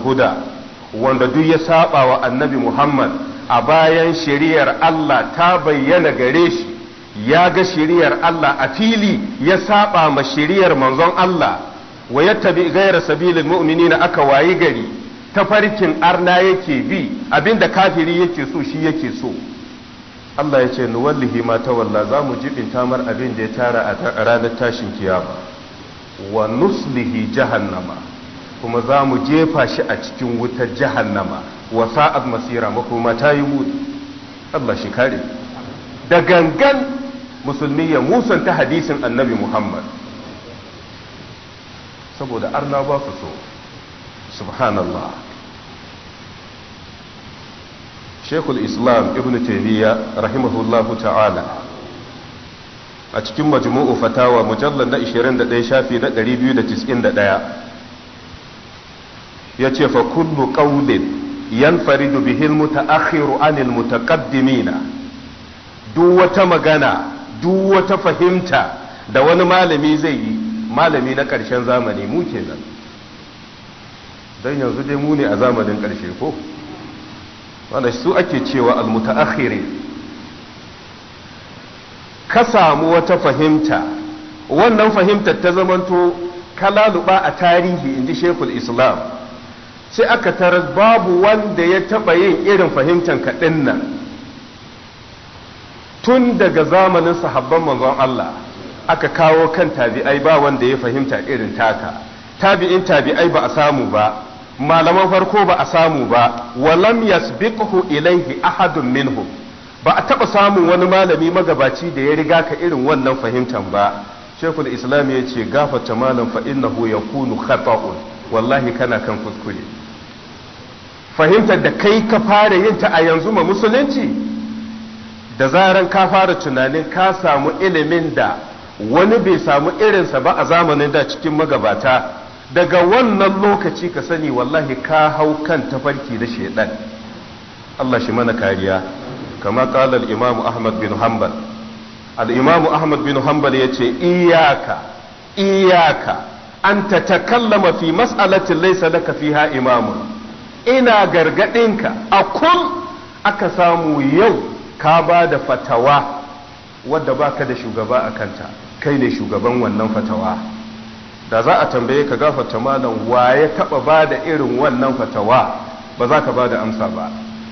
wanda duk ya saba wa annabi Muhammad a bayan shari'ar Allah ta bayyana gare shi ya ga shari'ar Allah a fili ya saba ma shari'ar manzon Allah wa yattabi ghayra sabilil mu'minina aka wayi gari tafarkin arna yake bi abinda kafiri yake so shi yake so Allah ya ce nuwallihi ma tawalla za mu jibin tamar abin da ya tara a ranar tashin kiyama wa nuslihi jahannama kuma za mu jefa shi a cikin wutar jahannama wa sa'ad masira makoma ta yi wuri Allah shi kare da gangan musulmi ya musanta hadisin annabi Muhammad saboda arna ba su so subhanallah shekul islam ibn taimiyya rahimahullahu ta'ala a cikin majmu'u fatawa mujallar na 21 shafi na 291 ya ce fa kullu qawlin yanfaridu bihi almutaakhiru anil mutaqaddimina duk wata magana duk wata fahimta da wani malami zai yi malami na ƙarshen zamani mu kenan dan yanzu dai mu ne a zamanin ƙarshe ko wanda su ake cewa al almutaakhirin ka samu wata fahimta wannan fahimtar ta zamanto kalaluba a tarihi ji shekul islam sai aka taras babu wanda ya taɓa yin irin fahimtar kaɗin nan tun daga zamanin sahabban manzon Allah aka kawo kan tabi'ai ba wanda ya fahimta irin taka tabi'in tabi'ai ba a samu ba malaman farko ba a samu ba walam yasbiqhu ilaihi ahadun minhum ba a taɓa samun wani malami magabaci da ya riga ka irin wannan fahimtar ba shekul islam ya ce gafata malam fa innahu kunu khata'un wallahi kana kan kuskure fahimtar da kai ka fara yin ta a yanzu ma musulunci da zaran ka fara tunanin ka samu ilimin da wani bai samu irinsa ba a zamanin da cikin magabata daga wannan lokaci ka sani wallahi ka hau kan tafarki da shaidan Allah shi mana kariya kama qala al-imam ahmad bin hanbal al ahmad bin hanbal yace iyaka iyaka an tatakallama fi mas'alatin laysa laka fiha imamun ina gargadinka a kun aka samu yau ka ba da fatawa wadda baka da shugaba a kanta kai ne shugaban wannan fatawa da za a tambaye ka gafarta malam wa ya taɓa ba da irin wannan fatawa ba za ka ba da amsa ba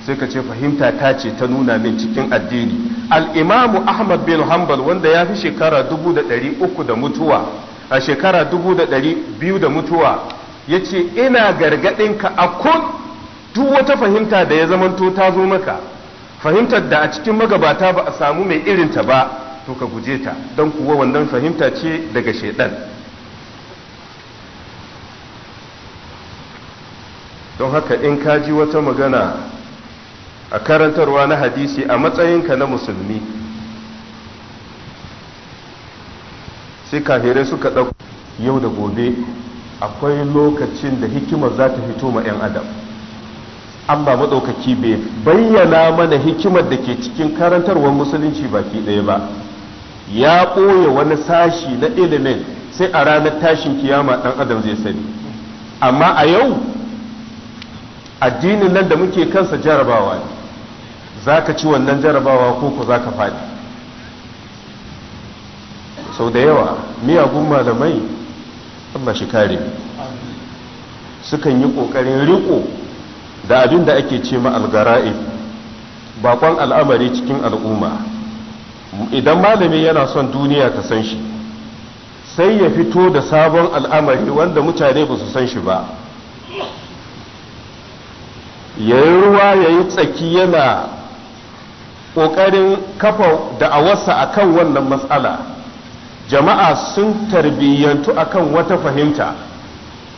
sai ka ce fahimta ta ce ta nuna min cikin addini al'imamu ahmad bin hanbal wanda ya fi shekara dubu da ɗari uku da mutuwa a shekara dubu da ɗari biyu da mutuwa ya ce ina ka a kun duk wata fahimta da ya zamanto ta zo maka fahimtar da a cikin magabata ba a samu mai irinta ba to ka guje ta don kuwa wannan fahimta ce daga shaidan don haka in ka ji wata magana a karantarwa na hadisi a matsayinka na musulmi sai kafirai suka ɗauka yau da gobe akwai lokacin da hikimar za ta fito ma 'yan adam amma maɗaukaki bai bayyana mana hikimar da ke cikin karantarwar musulunci baki ɗaya ba ya ɓoye wani sashi na ilimin sai a ranar tashin kiyama ɗan adam zai sani amma a yau addinin nan da muke kansa jarabawa ne za ka ci wannan jarabawa ko ku za ka faɗi sau da yawa miyagun malamai Allah shi kare sukan yi ƙoƙarin riko da abin da ake ce ma algara'i bakon al'amari cikin al'umma idan malami yana son duniya ta san shi sai ya fito da sabon al'amari wanda mutane ba su san shi ba ya yi ruwa ya yi tsaki yana ƙoƙarin kafa da a kan wannan matsala jama'a sun tarbiyyantu a kan wata fahimta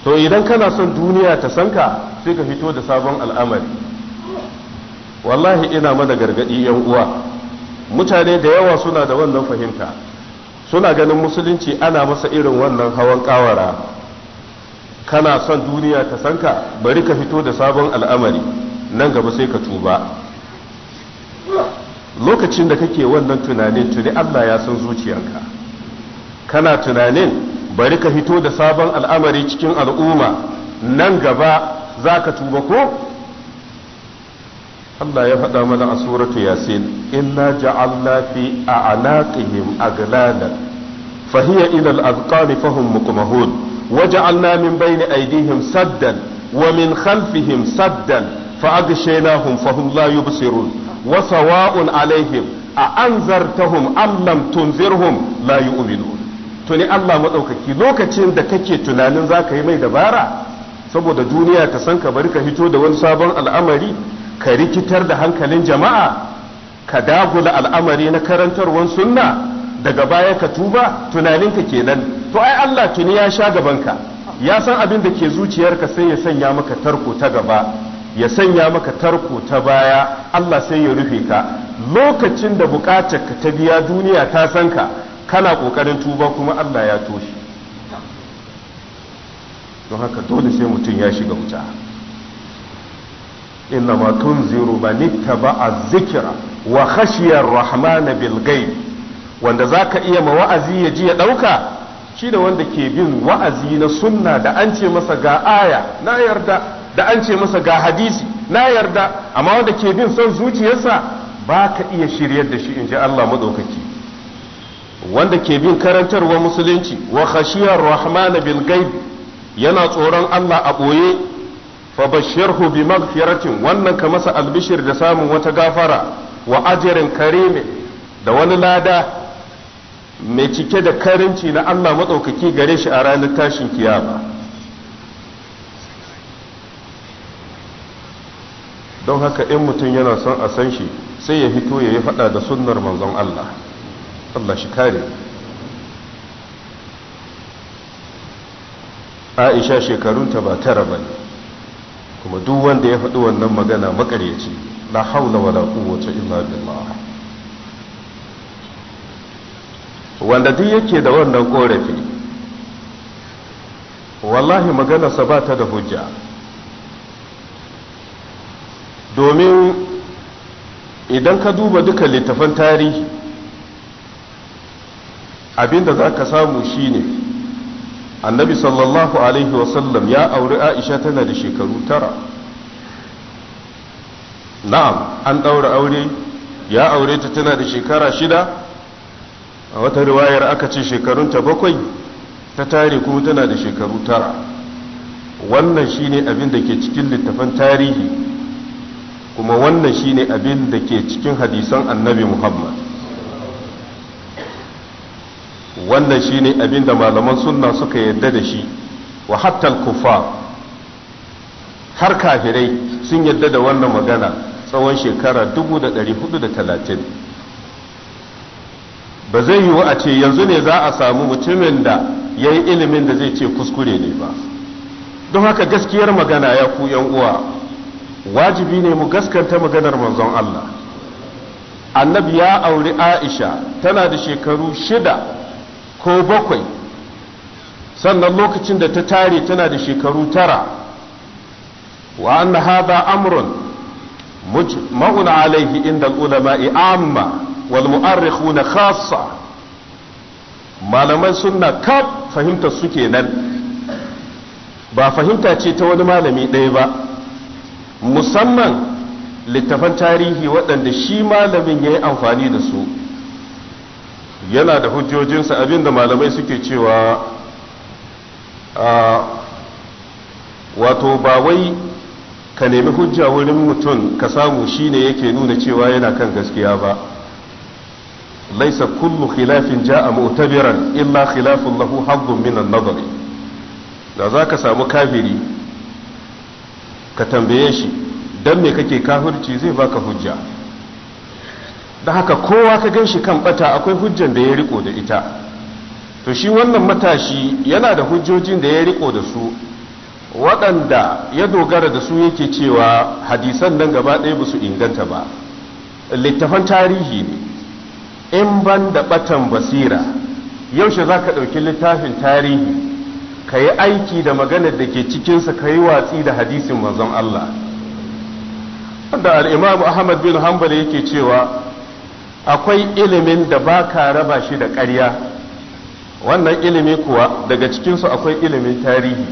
to idan kana son duniya ta sanka sai ka fito da sabon al'amari wallahi ina mana gargaɗi yan uwa mutane da yawa suna da wannan fahimta suna ganin musulunci ana masa irin wannan hawan kawara kana son duniya ta sanka bari ka fito da sabon al'amari nan gaba sai ka tuba lokacin da kake wannan tunanin tuni Allah ya san zuciyarka kana tunanin bari ka fito da sabon al'amari cikin al'umma nan gaba za ka tuba ko Allah ya faɗa mana a suratu yasin inna ja'alna fi a'naqihim aglala fahiya ila al-azqani fahum muqmahun waja'alna min bayni aydihim saddan wa min khalfihim saddan fa'aghshaynahum fahum la yubsirun wa sawa'un alaihim a anzartahum am lam tunzirhum la yu'minun tuni Allah maɗaukaki lokacin da kake tunanin zaka yi mai dabara saboda duniya ta san ka bari ka hito da wani sabon al'amari ka rikitar da hankalin jama'a ka dagula al'amari na karantarwar sunna daga baya ka tuba tunaninka kenan to ai Allah tuni ya sha gabanka ya san abin da ke zuciyarka sai ya sanya maka tarko ta gaba ya sanya maka tarko ta baya Allah sai ya rufe ka lokacin da buƙatar ka ta biya duniya ta san ka kana ƙoƙarin tuba kuma Allah ya toshe don haka dole sai mutum ya shiga wuta inna ma tunziru ba a zikra wa khashiyar rahman bil ghaib wanda zaka iya ma wa'azi ya ji ya dauka shi da wanda ke bin wa'azi na sunna da an ce masa ga aya na yarda da an ce masa ga hadisi na yarda amma wanda ke bin son zuciyarsa ba ka iya shiryar da shi in ji Allah maɗaukaki wanda ke bin karantarwa musulunci wa khashiyar rahman bil gaibi yana tsoron Allah a ɓoye fa bashirhu bi maghfiratin wannan ka masa albishir da samun wata gafara wa ajrin karime da wani lada mai cike da karinci na Allah maɗaukaki gare shi a ranar tashin kiyama don haka in mutum yana son a san shi sai ya fito ya yi faɗa da sunnar manzon Allah Allah shi kare Aisha shekarunta ba tara ba kuma duk wanda ya faɗi wannan magana makaryaci la haula wala quwwata illa billah wanda duk yake da wannan korafi wallahi maganarsa ba ta da hujja domin idan ka duba duka littafan tarihi abinda za ka samu shine annabi sallallahu alaihi wasallam ya auri aisha tana da shekaru tara na'am an ɗaura aure ya aure ta tana da shekara shida a wata riwayar aka ce shekarunta bakwai ta tare kuma tana da shekaru tara wannan shine abin da ke cikin littafan tarihi kuma wannan shine abin da ke cikin hadisan annabi muhammad wannan shine abin da malaman sunna suka yadda da shi wa hatta kufa har kafirai sun yadda da wannan magana tsawon shekara talatin ba zai yiwu a ce yanzu ne za a samu mutumin da ya yi ilimin da zai ce kuskure ne ba don haka gaskiyar magana ya ku uwa. wajibi ne mu gaskanta maganar manzon Allah annabi ya auri aisha tana da shekaru shida ko bakwai sannan lokacin da ta tare tana da shekaru tara wa anna hadha amrun mujma'un alayhi inda ulama amma wal na khassa malaman sunna kaf fahimtar suke nan. ba fahimta ce ta wani malami ɗaya ba musamman littafan tarihi waɗanda shi malamin ya yi amfani da su yana da hujjojinsa abinda malamai suke cewa wato ba wai ka nemi hujja wurin mutum ka samu shi ne yake nuna cewa yana kan gaskiya ba laisa kullu khilafin ja'a mu'tabiran illa khilafun lahu min an nazari da za ka samu kafiri ka tambaye shi don me kake kafirci zai baka hujja da haka kowa ka gan shi kan bata akwai hujjan da ya riko da ita to shi wannan matashi yana da hujjojin da ya riko da su waɗanda ya dogara da su yake cewa hadisan nan gaba ɗaya ba su inganta ba littafan tarihi ne in ban da ɓatan basira yaushe za ka ɗauki littafin tarihi ka yi aiki da maganar da ke cikinsa ka yi watsi da hadisin manzon Allah wanda al'imamu Ahmad bin Hanbal yake cewa akwai ilimin da ba ka raba shi da ƙarya wannan ilimi kuwa daga cikinsu akwai ilimin tarihi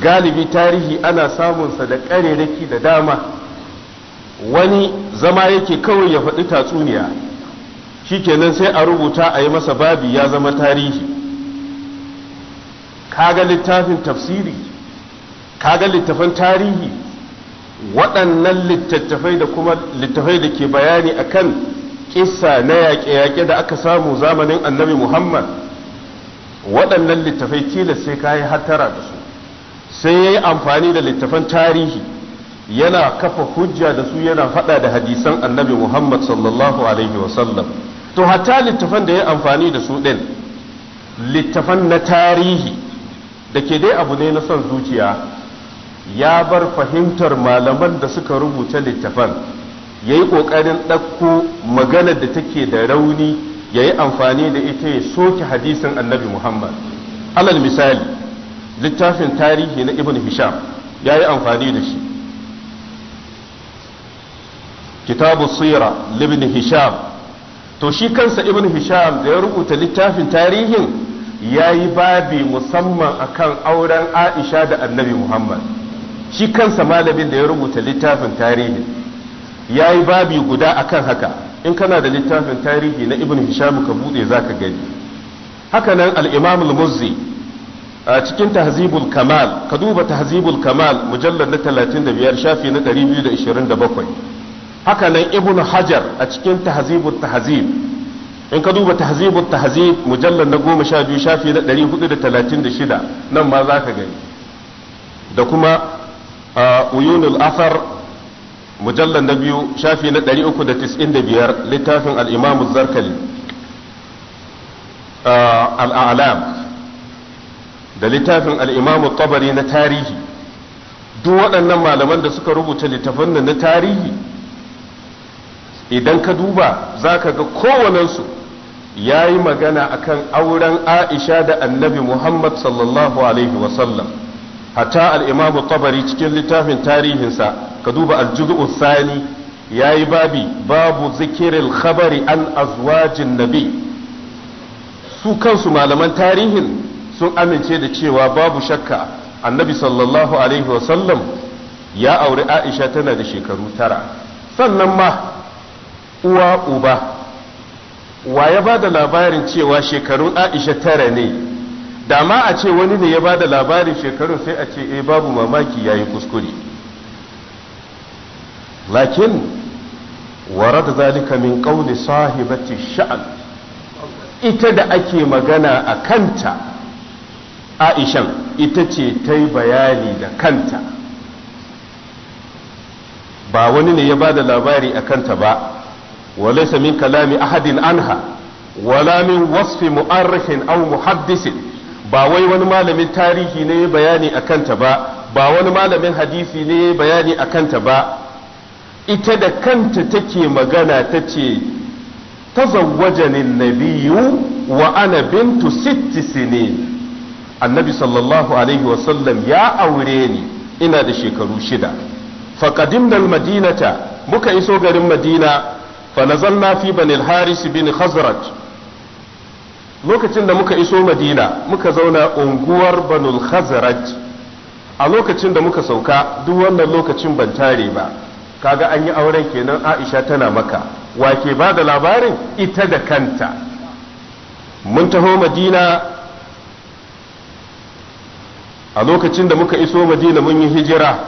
galibi tarihi ana samunsa da ƙarerraki da dama wani zama yake kawai ya faɗi tatsuniya Shi shikenan sai a rubuta a yi masa babi ya zama tarihi kaga littafin tafsiri kaga littafan tarihi waɗannan littattafai da kuma littafai da ke bayani akan kissa na yaƙe-yaƙe da aka samu zamanin annabi muhammad waɗannan littafai kila sai ka yi hattara da su sai ya yi amfani da littafan tarihi yana kafa hujja da su yana faɗa da hadisan annabi muhammad sallallahu alaihi wasallam to hatta littafan da ya amfani da su ɗin littafan na tarihi da ke dai abu ne na son zuciya ya bar fahimtar malaman da suka rubuta littafan ya yi ƙoƙarin ɗakko maganar da take da rauni ya yi amfani da ita ya soke hadisin annabi muhammad alal misali littafin tarihi na ibn hisham ya yi amfani da shi kitabu tsira libin hisham to shi kansa ibn hisham da ya rubuta littafin tarihin ya yi babi musamman akan auren aisha da annabi muhammad shi kansa malamin da ya rubuta littafin tarihi ya yi babi guda akan haka in kana da littafin tarihi na ibn hisham ka buɗe za ka gani hakanan al'imam al-muzzi a cikin tahzibul kamal ka duba tahzibul kamal mujallar na 35 shafi na 227 hakanan ibn hajar a cikin tahzibul tahzib in ka duba tahzibu tahzib mujallar na goma sha biyu shafi na ɗari hudu da talatin da shida nan ma za ka gani da kuma uyunul asar mujallar na biyu shafi na ɗari uku da tis'in da biyar littafin al'imamu zarkali al'alam da littafin al'imamu tabari na tarihi duk waɗannan malaman da suka rubuta littafan na tarihi idan ka duba za ka ga kowanensu ya yi magana a kan auren aisha da annabi muhammad sallallahu alaihi wasallam hatta al'imamu tabari cikin littafin tarihinsa ka duba aljuzu sani ya yi babi babu zikirin khabari an azwajin nabi su kansu malaman tarihin sun amince da cewa babu shakka annabi sallallahu alaihi wasallam ya auri aisha tana da shekaru tara sannan ma uwa uba wa ya ba da labarin cewa shekarun aisha tara ne da ma a ce wani ne ya ba da labarin shekarun sai a ce e babu mamaki ya yi kuskure lakin da zalika min qawli sahibati sha'an ita da ake magana a kanta aishan ita ce ta yi bayani da kanta ba wani ne ya ba da labari a kanta ba وليس من كلام أحد عنها ولا من وصف مؤرخ أو محدث ba wai wani malamin tarihi ne bayani a kanta ba ba wani malamin hadisi ne bayani a kanta ba ita da kanta take magana ta ce tazawwajanin nabiyu wa ana bintu sitti sinin annabi sallallahu alaihi wasallam ya aure ni ina da shekaru shida faƙadimnal madinata muka iso garin madina فنزلنا في fi الحارث بن خزرج bin دا lokacin da muka iso madina muka zauna unguwar banul khazraj a lokacin da muka sauka duk wannan lokacin ban tare ba kaga an yi auren kenan aisha tana maka wake ba da labarin ita da kanta mun taho madina a lokacin da muka iso madina mun yi hijira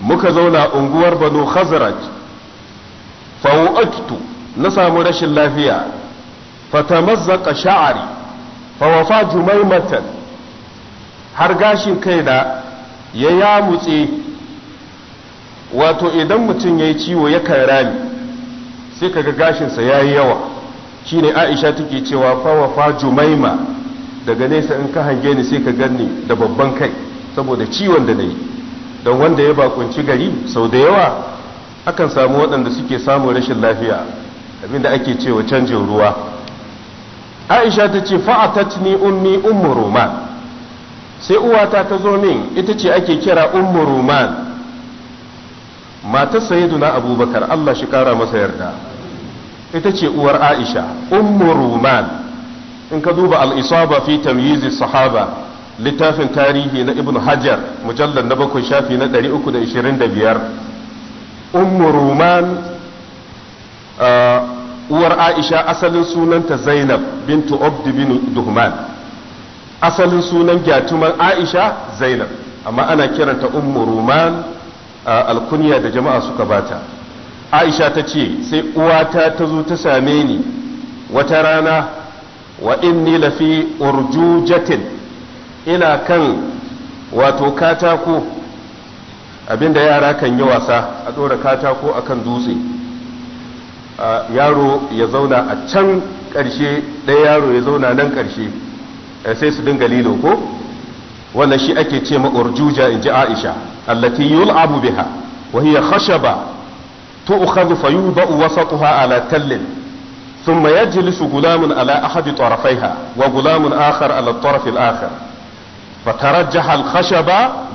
muka zauna unguwar banu khazraj fawaktu na samu rashin lafiya fatamazzaka sha'ari fawafa jumaimatan har gashin kaina ya wato idan mutum ya yi ciwo kai rami sai kaga gashinsa ya yi yawa shine aisha take cewa fawafa jumaima daga nesa in ka hange ni sai ka ganni da babban kai saboda ciwon da na yi don wanda ya bakunci gari sau da yawa akan samu waɗanda suke samun rashin lafiya abinda ake cewa canjin ruwa aisha ta ce fa'atatni ummi ummu sai uwata ta zo min ita ce ake kira ummu ruman matar sayyiduna abubakar Allah shi kara masa yarda ita ce uwar aisha ummu ruman in ka duba al-isaba fi tamyizi sahaba littafin tarihi na ibn hajar mujallar na bakwai shafi na 325 ummu ruman uwar aisha asalin sunanta zainab bintu abd bin duhman asalin sunan gyatuman aisha zainab amma ana kiranta ummu ruman alkunya da jama'a suka bata aisha ta ce sai uwata ta zo ta same ni wata rana wa inni lafi urjujatin ina kan wato katako abinda yara kan yi wasa a ɗora katako a kan dutse yaro ya zauna a can ƙarshe ɗaya yaro ya zauna nan ƙarshe eh, sai su dinga lilo ko wannan shi ake ce ma urjuja in ji aisha allati yul'abu biha wa hiya khashaba tu'khadhu fayudau wasatuha ala tallin ثم يجلس غلام على أحد طرفيها وغلام آخر على الطرف الآخر فترجح الخشب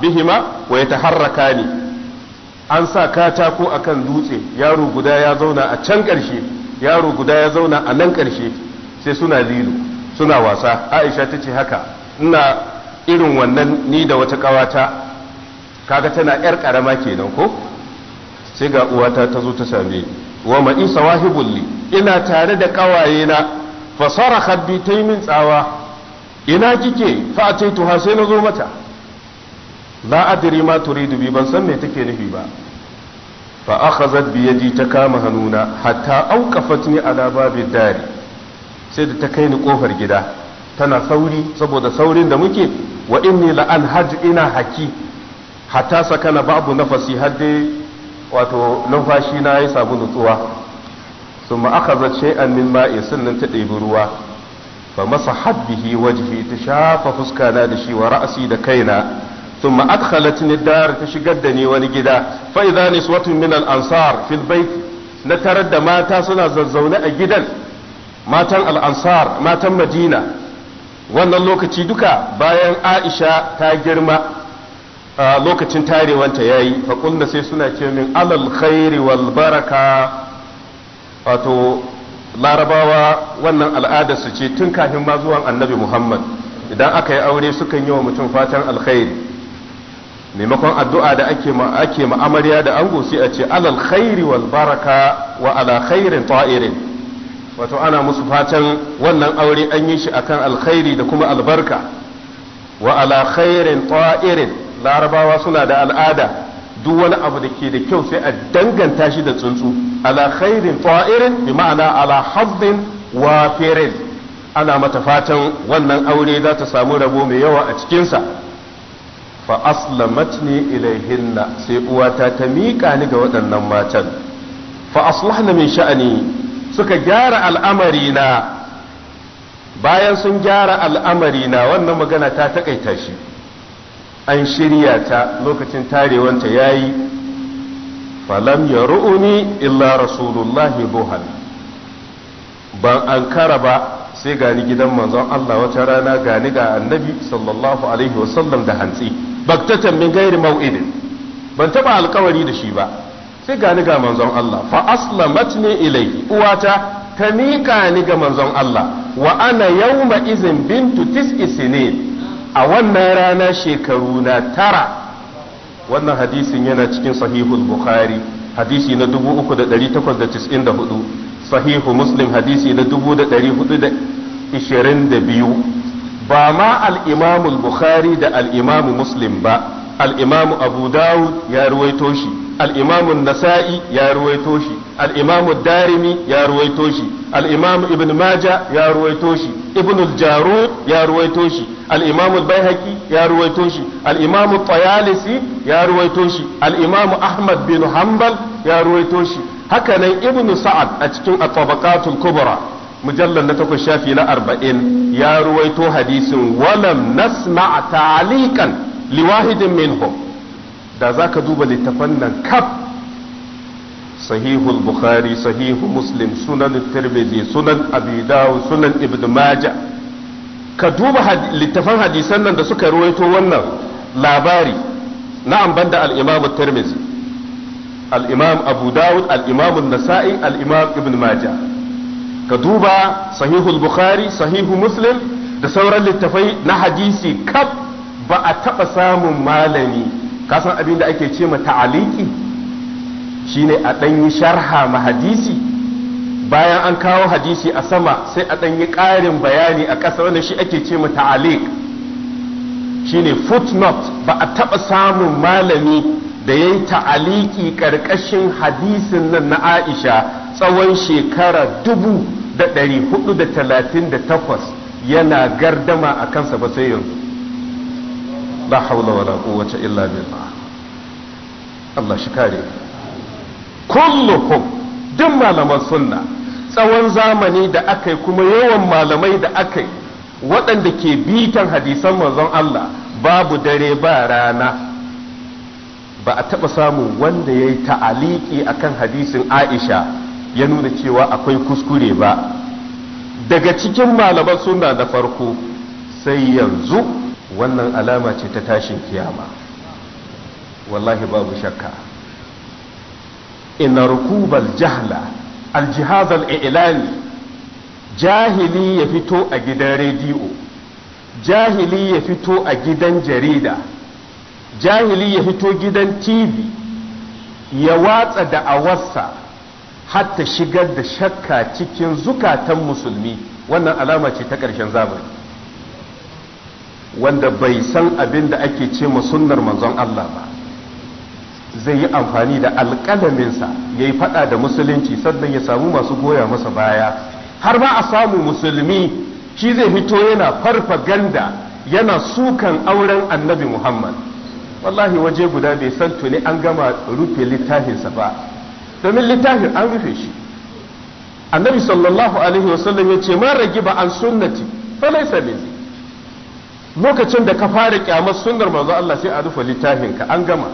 بهما bihima wa an sa katako a kan dutse yaro guda ya zauna a can ƙarshe yaro guda ya zauna a nan ƙarshe sai suna lilo suna wasa aisha ta ce haka ina irin wannan ni da wata ƙawata kaga tana yar ƙarama kenan ko sai ga uwata ta zo ta same ni wa ma'i sawahibulli ina tare da ƙawayena fasara bi ta yi min tsawa ina kike fa ce tuha sai na zo mata la adri ma turidu bi ban san me take nufi ba fa akhazat bi yadi ta kama hannuna hatta a ala babi dari sai da ta kai ni kofar gida tana sauri saboda saurin da muke wa inni la an haj ina haki hatta sakana babu nafasi hadde wato numfashi na ya sabu nutsuwa summa akhazat shay'an min ma'in sannan ta ɗebi ruwa fa masahat bihi wajhi ta shafa fuska na da shi wa ra'asi da kaina ثم أدخلتني الدار تشقدني ونجدا فإذا نسوة من الأنصار في البيت نترد ما تاسنا زلزونا أجدا ما تن الأنصار ما matan مدينة wannan lokaci duka bayan aisha ta girma a lokacin tarewanta ya yi da sai suna ce min alal khairi wal baraka wato larabawa wannan al'ada su ce tun kafin ma zuwan annabi muhammad idan aka yi aure sukan yi wa mutum fatan alkhairi maimakon addu'a da ake amarya da ango sai a ce alal khairi wal baraka wa ala khairin ta'irin wato ana musu fatan wannan aure an yi shi akan alkhairi da kuma albarka wa ala khairin ta'irin larabawa suna da al'ada duk wani abu da ke da kyau sai a danganta shi da tsuntsu ala khairin fa'irin bi ma'ana ala hazzin wa firin ana mata fatan wannan aure za ta samu rabo mai yawa a cikinsa fa aslamatni ilaihinna sai uwata ta miƙa ni ga waɗannan matan fa aslahna min sha'ani suka gyara al'amari na bayan sun gyara al'amari na wannan magana ta taƙaita shi an shirya ta lokacin tarewanta ya yi falam ya ru'uni illa rasulullahi buhari ban an kara ba sai gani gidan manzon Allah wata rana gani ga annabi sallallahu alaihi wasallam da hantsi baktatan min gairi mau'idin ban taba alkawari da shi ba sai gani ga manzon Allah fa aslamatni ilayhi uwata ta mika ni ga manzon Allah wa ana yawma izin bintu tis'i sinin a wannan rana shekaru na tara wannan hadisin yana cikin sahihul bukhari hadisi na 3894 sahihu muslim hadisi na 4422 ba ma al'imamul bukhari da al’imamu muslim ba al abu dawud ya ruwaito shi al-imam nasai ya ruwaito shi al-imam darimi ya ruwaito shi al-imam ibn maja ya ruwaito shi ibn ya ruwaito shi al-imam ya ruwaito shi al-imam at ya ruwaito shi al-imam ahmad bin hanbal ya ruwaito shi haka nan ibn sa'ad a cikin at kubra mujallar na takwas shafi na arba'in ya ruwaito hadisin walam nasma ta'alikan liwahidin minhum da za ka duba littafan nan kaf sahihul bukhari sahihu muslim sunan tirmidhi sunan abi dawud sunan ibn maja ka duba littafan hadisan nan da suka ruwaito wannan labari na amban da al-imam tirmidhi al-imam abu dawud al-imam an-nasa'i al-imam ibn maja ka duba sahihul bukhari sahihu muslim da sauran littafai na hadisi kaf ba a taɓa samun malami kasan abin da ake ce ma ta'aliki shine a ɗan yi sharha ma hadisi bayan an kawo hadisi a sama sai a ɗan yi ƙarin bayani a ƙasa wanda shi ake ce ma ta'alik shine footnote ba a taɓa samun malami da ya yi ta'aliki ƙarƙashin hadisin nan na aisha tsawon shekara dubu da ɗari hudu da talatin da takwas yana gardama a kansa ba sai yanzu la haula wala quwwata illa billah Allah shi kare kullukum duk malaman sunna tsawon zamani da aka yi kuma yawan malamai da aka yi waɗanda ke bitan hadisan manzon Allah babu dare ba rana ba a taɓa samu wanda ya yi ta'aliki akan hadisin Aisha ya nuna cewa akwai kuskure ba daga cikin malaman sunna da farko sai yanzu wannan alama ce ta tashin kiyama wallahi babu shakka inna rukubal jahla aljihazal al'ilami jahili ya fito a gidan rediyo jahili ya fito a gidan jarida jahili ya fito gidan tv ya watsa da har hatta shigar da shakka cikin zukatan musulmi wannan alama ce ta ƙarshen zamani wanda bai san abin da ake ce ma sunnar manzon Allah ba zai yi amfani da alƙalaminsa ya yi faɗa da musulunci sannan ya samu masu goya masa baya har ma a samu musulmi shi zai fito yana farfaganda yana sukan auren annabi muhammad wallahi waje guda bai san tuni an gama rufe littafinsa ba domin littafin an rufe shi annabi sallallahu alaihi wasallam ya ce man ragiba an sunnati fa laysa lokacin da ka fara kyamar sunnar manzo Allah sai a rufe littafin ka an gama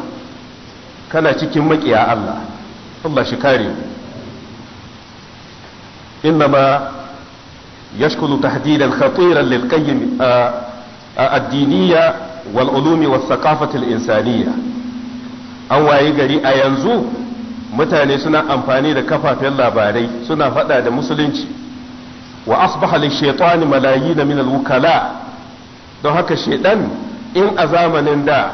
kana cikin makiya Allah Allah shi kare inna ma yashkulu tahdidan khatiran lil qayyim ad-diniyya wal ulumi was al insaniyya an waye gari a yanzu mutane suna amfani da kafafen labarai suna fada da musulunci wa asbaha lishaitani malayi na minal wukala don haka shedan in a zamanin da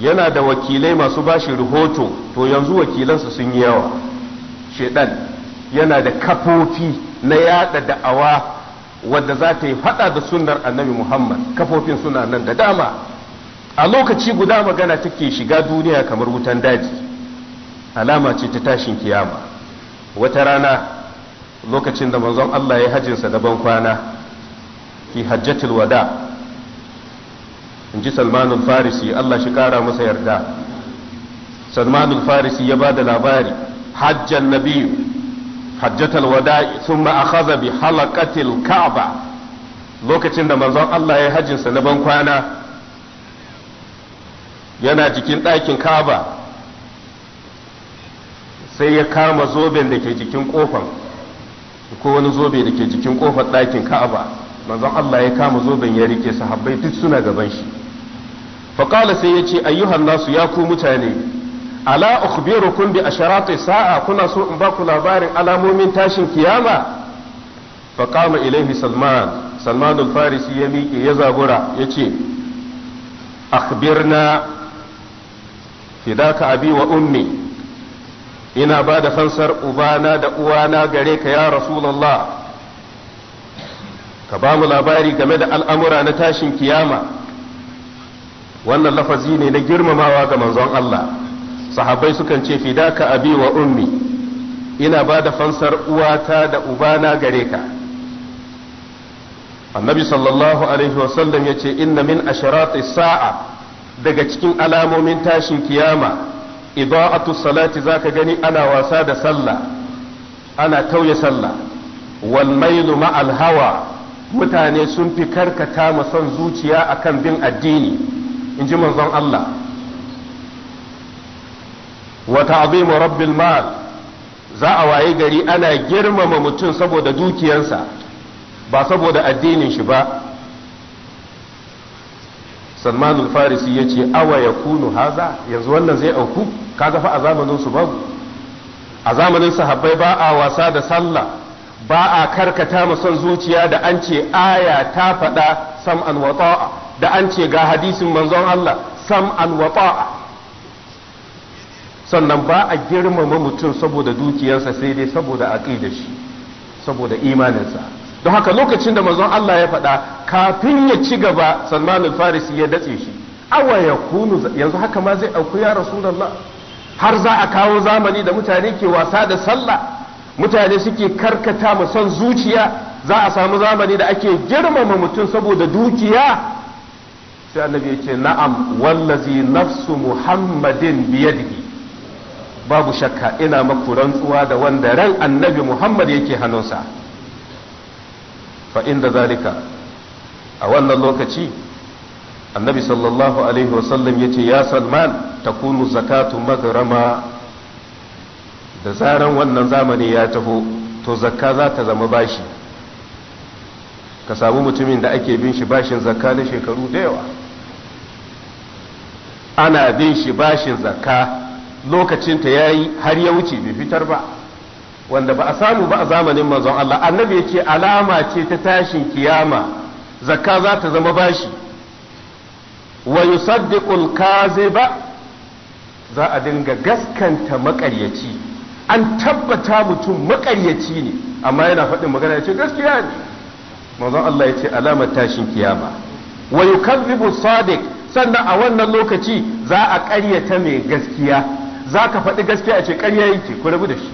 yana da wakilai masu bashi rahoto to yanzu wakilansa sun yi yawa shedan yana da kafofi na yada da'awa wadda za ta yi fada da sunnar annabi muhammad kafofin suna nan da dama a lokaci guda magana take shiga duniya kamar wutan daji alama ce ta tashin kiyama wata rana lokacin da manzon allah ya hajjinsa daban kwana fi hajjatul wada' in ji salmanul farisi Allah shi kara masa yarda salmanul farisi ya ba da labari hajjan nabiyu hajjatal wada'i sun akhadha bi halakatil ka'aba lokacin da manzon Allah ya hajjinsa na ban kwana yana jikin ɗakin ka'aba sai ya kama zoben da ke jikin kofan ko wani zobe da ke jikin kofar ɗakin ka'aba manzon Allah ya kama zoben ya rike sahabbai duk suna gaban shi faƙala sai yace ayyuhan nasu ya ku mutane ala ukhbirukum bi asharati sa'a kuna so in ba ku labarin alamomin tashin kiyama faqama ilaihi salman salman al-farisi ya miƙe ya zabura yace akhbirna fidaka abi wa ummi ina ba da fansar ubana da uwana gare ka ya rasulullah ka ba mu labari game da al'amura na tashin kiyama wannan lafazi ne na girmamawa ga manzon Allah sahabbai sukan ce fidaka abi wa ummi ina ba da fansar uwata da ubana gare ka annabi sallallahu alaihi wasallam ya ce inna min asharati sa'a daga cikin alamomin tashin kiyama ida'atu salati zaka gani ana wasa da sallah ana tauye sallah wal mailu ma'al hawa mutane sun fi karkata ma son zuciya a kan bin addini in ji manzon Allah wa ta'zimu rabbil mal za a waye gari ana girmama mutum saboda dukiyarsa ba saboda addinin shi ba salmanul farisi ya ce awa ya kunu haza yanzu wannan zai auku kaga fa a zamanin su babu a zamanin sahabbai ba a wasa da sallah ba a karkata son zuciya da an ce aya ta faɗa sam'an wa ta'a da an ce ga hadisin manzon Allah sam'an wa ta'a sannan ba a girmama mutum saboda dukiyarsa sai dai saboda aqidar shi saboda imaninsa don haka lokacin da manzon Allah ya faɗa kafin ya ci gaba Salman al-Farisi ya datse shi awa ya kunu yanzu haka ma zai auku ya Rasulullah har za a kawo zamani da mutane ke wasa da sallah mutane suke karkata mu son zuciya za a samu zamani da ake girmama mutum saboda dukiya sai annabi yace na'am wallazi nafsu muhammadin biyadihi babu shakka ina maku rantsuwa da wanda ran annabi muhammad yake hannunsa fa inda zalika a wannan lokaci annabi sallallahu alaihi wasallam yace ya salman takunu zakatu magrama da zaran wannan zamani ya taho to zakka za ta zama bashi ka samu mutumin da ake bin shi bashin zakka na shekaru da yawa ana bin shi bashin zakka lokacinta ya yi har ya wuce bai fitar ba wanda ba a samu ba a zamanin manzon Allah annabi ya ce alama ce ta tashin kiyama zakka za ta zama bashi wa yusaddiqul kaziba za a dinga gaskanta makaryaci an tabbata mutum makaryaci ne amma yana faɗin magana ya ce gaskiya ne mazan Allah ya ce alamar tashin kiyama wa yukazzibu sadiq sannan a wannan lokaci za a ƙaryata mai gaskiya za ka faɗi gaskiya a ce ƙarya yake ku rabu da shi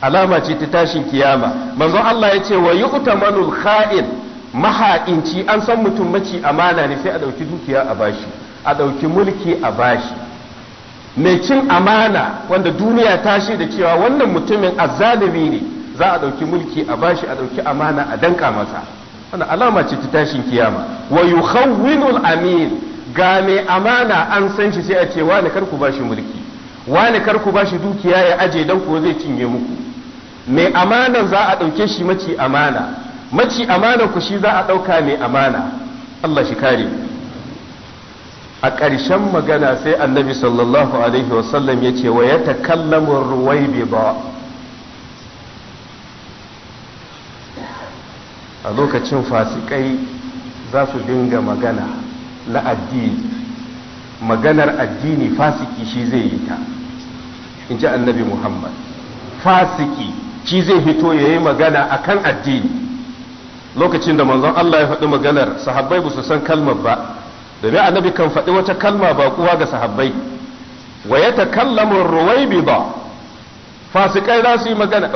alama ce ta tashin kiyama manzon Allah ya ce wa yu'tamanul kha'in maha'inci an san mutum maci amana ne sai a ɗauki dukiya a bashi a ɗauki mulki a bashi mai cin amana wanda duniya ta da cewa wannan mutumin azzalimi ne za a ɗauki mulki a bashi a ɗauki amana a danka masa wannan alama ce ta tashin kiyama wa yukhawwinul amin ga mai amana an san shi sai a ce wani kar ku bashi mulki wani kar ku bashi dukiya ya aje dan ko zai cinye muku mai amanan za a ɗauke shi maci amana maci amana ku shi za a ɗauka mai amana Allah shi kare a ƙarshen magana sai annabi sallallahu alaihi wasallam ya ce wa ya takallamu ruwaibi ba a lokacin fasikai za su dinga magana na addini maganar addini fasiki shi zai yi ta in ji annabi muhammad fasiki shi zai fito ya yi magana a kan addini lokacin da manzon allah ya faɗi maganar sahabbai ba su san kalmar ba domin annabi kan faɗi wata kalma ba kuwa ga sahabbai wa ya ruwaibi ba fasikai za su yi magana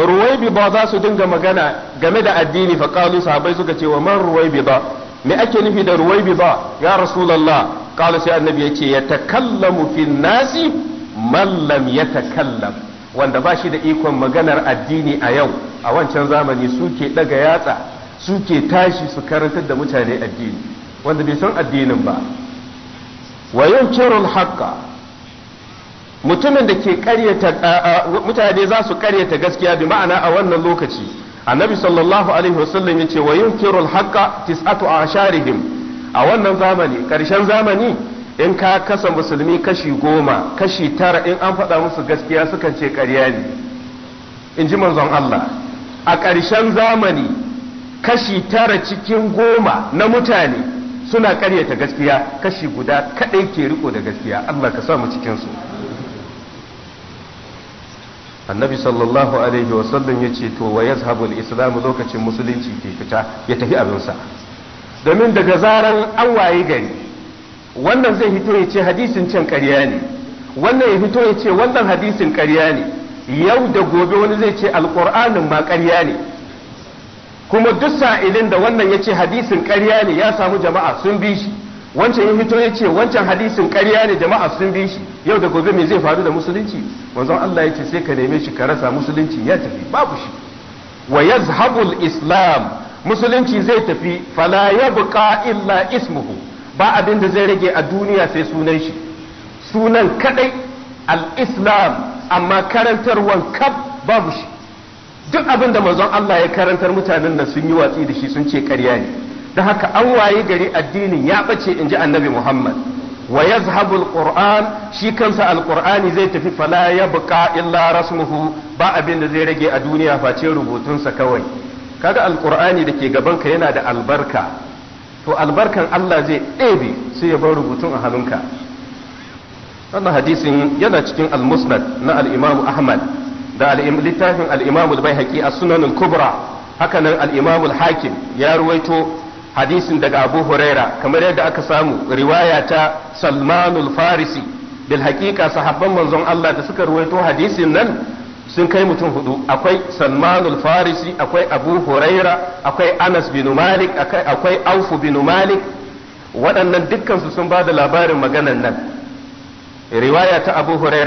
ba za su dinga magana game da addini fa sahabbai suka ce wa man ba me ake nufi da ba ya rasulullah ƙalu sai annabi ya ce ya takallamu fi nasi man lam kallam wanda ba shi da ikon maganar addini a yau a wancan zamani suke ɗaga yatsa suke tashi su karantar da mutane addini wanda bai san addinin ba wa yunkirul haqqa mutumin da ke karyata mutane za su karyata gaskiya bi ma'ana a wannan lokaci annabi sallallahu alaihi wasallam ce wa yunkirul haqqa tis'atu asharihim a wannan zamani karshen zamani in ka kasa musulmi kashi goma kashi tara in an faɗa musu gaskiya suka ce ƙarya ne in ji manzon Allah a ƙarshen zamani kashi tara cikin goma na mutane suna karyata gaskiya kashi guda kadai ke riko da gaskiya Allah ka mu cikin su annabi sallallahu alaihi wasallam ya ce to wa yazhabu al-islam lokacin musulunci ke fita ya tafi abin sa domin daga zaran an waye gari wannan zai fito ya ce hadisin can ƙarya ne wannan ya fito ya ce wannan hadisin ƙarya ne yau da gobe wani zai ce alqur'anin ma ƙarya ne kuma duk sa'ilin da wannan ya ce hadisin karya ne ya samu jama'a sun bi shi wancan ya fito ya ce wancan hadisin karya ne jama'a sun bi shi yau da gobe me zai faru da musulunci wanzan Allah ya ce sai ka neme shi ka rasa musulunci ya tafi babu shi wa yazhabul islam musulunci zai tafi fala yabqa illa ismuhu ba abin da zai rage a duniya sai sunan shi sunan kadai al-islam amma karantarwan kab babu shi duk abin da manzon Allah ya karantar mutanen nan sun yi watsi da shi sun ce ƙarya ne da haka an waye gari addinin ya ɓace in ji annabi Muhammad wa yazhabu alquran shi kansa alqurani zai tafi fala buƙa illa rasmuhu ba abin da zai rage a duniya face rubutunsa kawai kaga alqurani da ke gabanka yana da albarka to albarkan Allah zai ɗebe sai ya bar rubutun a hannunka wannan hadisin yana cikin al na al Ahmad da littafin al'imamul imam al a as kubra haka nan al-Imam hakim ya ruwaito hadisin daga Abu Huraira kamar yadda aka samu riwaya ta Salman al-Farisi bil haqiqa sahabban manzon Allah da suka ruwaito hadisin nan sun kai mutum hudu akwai Salman al-Farisi akwai Abu Huraira akwai Anas bin Malik akwai Auf bin Malik waɗannan dukkan su sun ba da labarin maganar nan riwaya ta Abu Huraira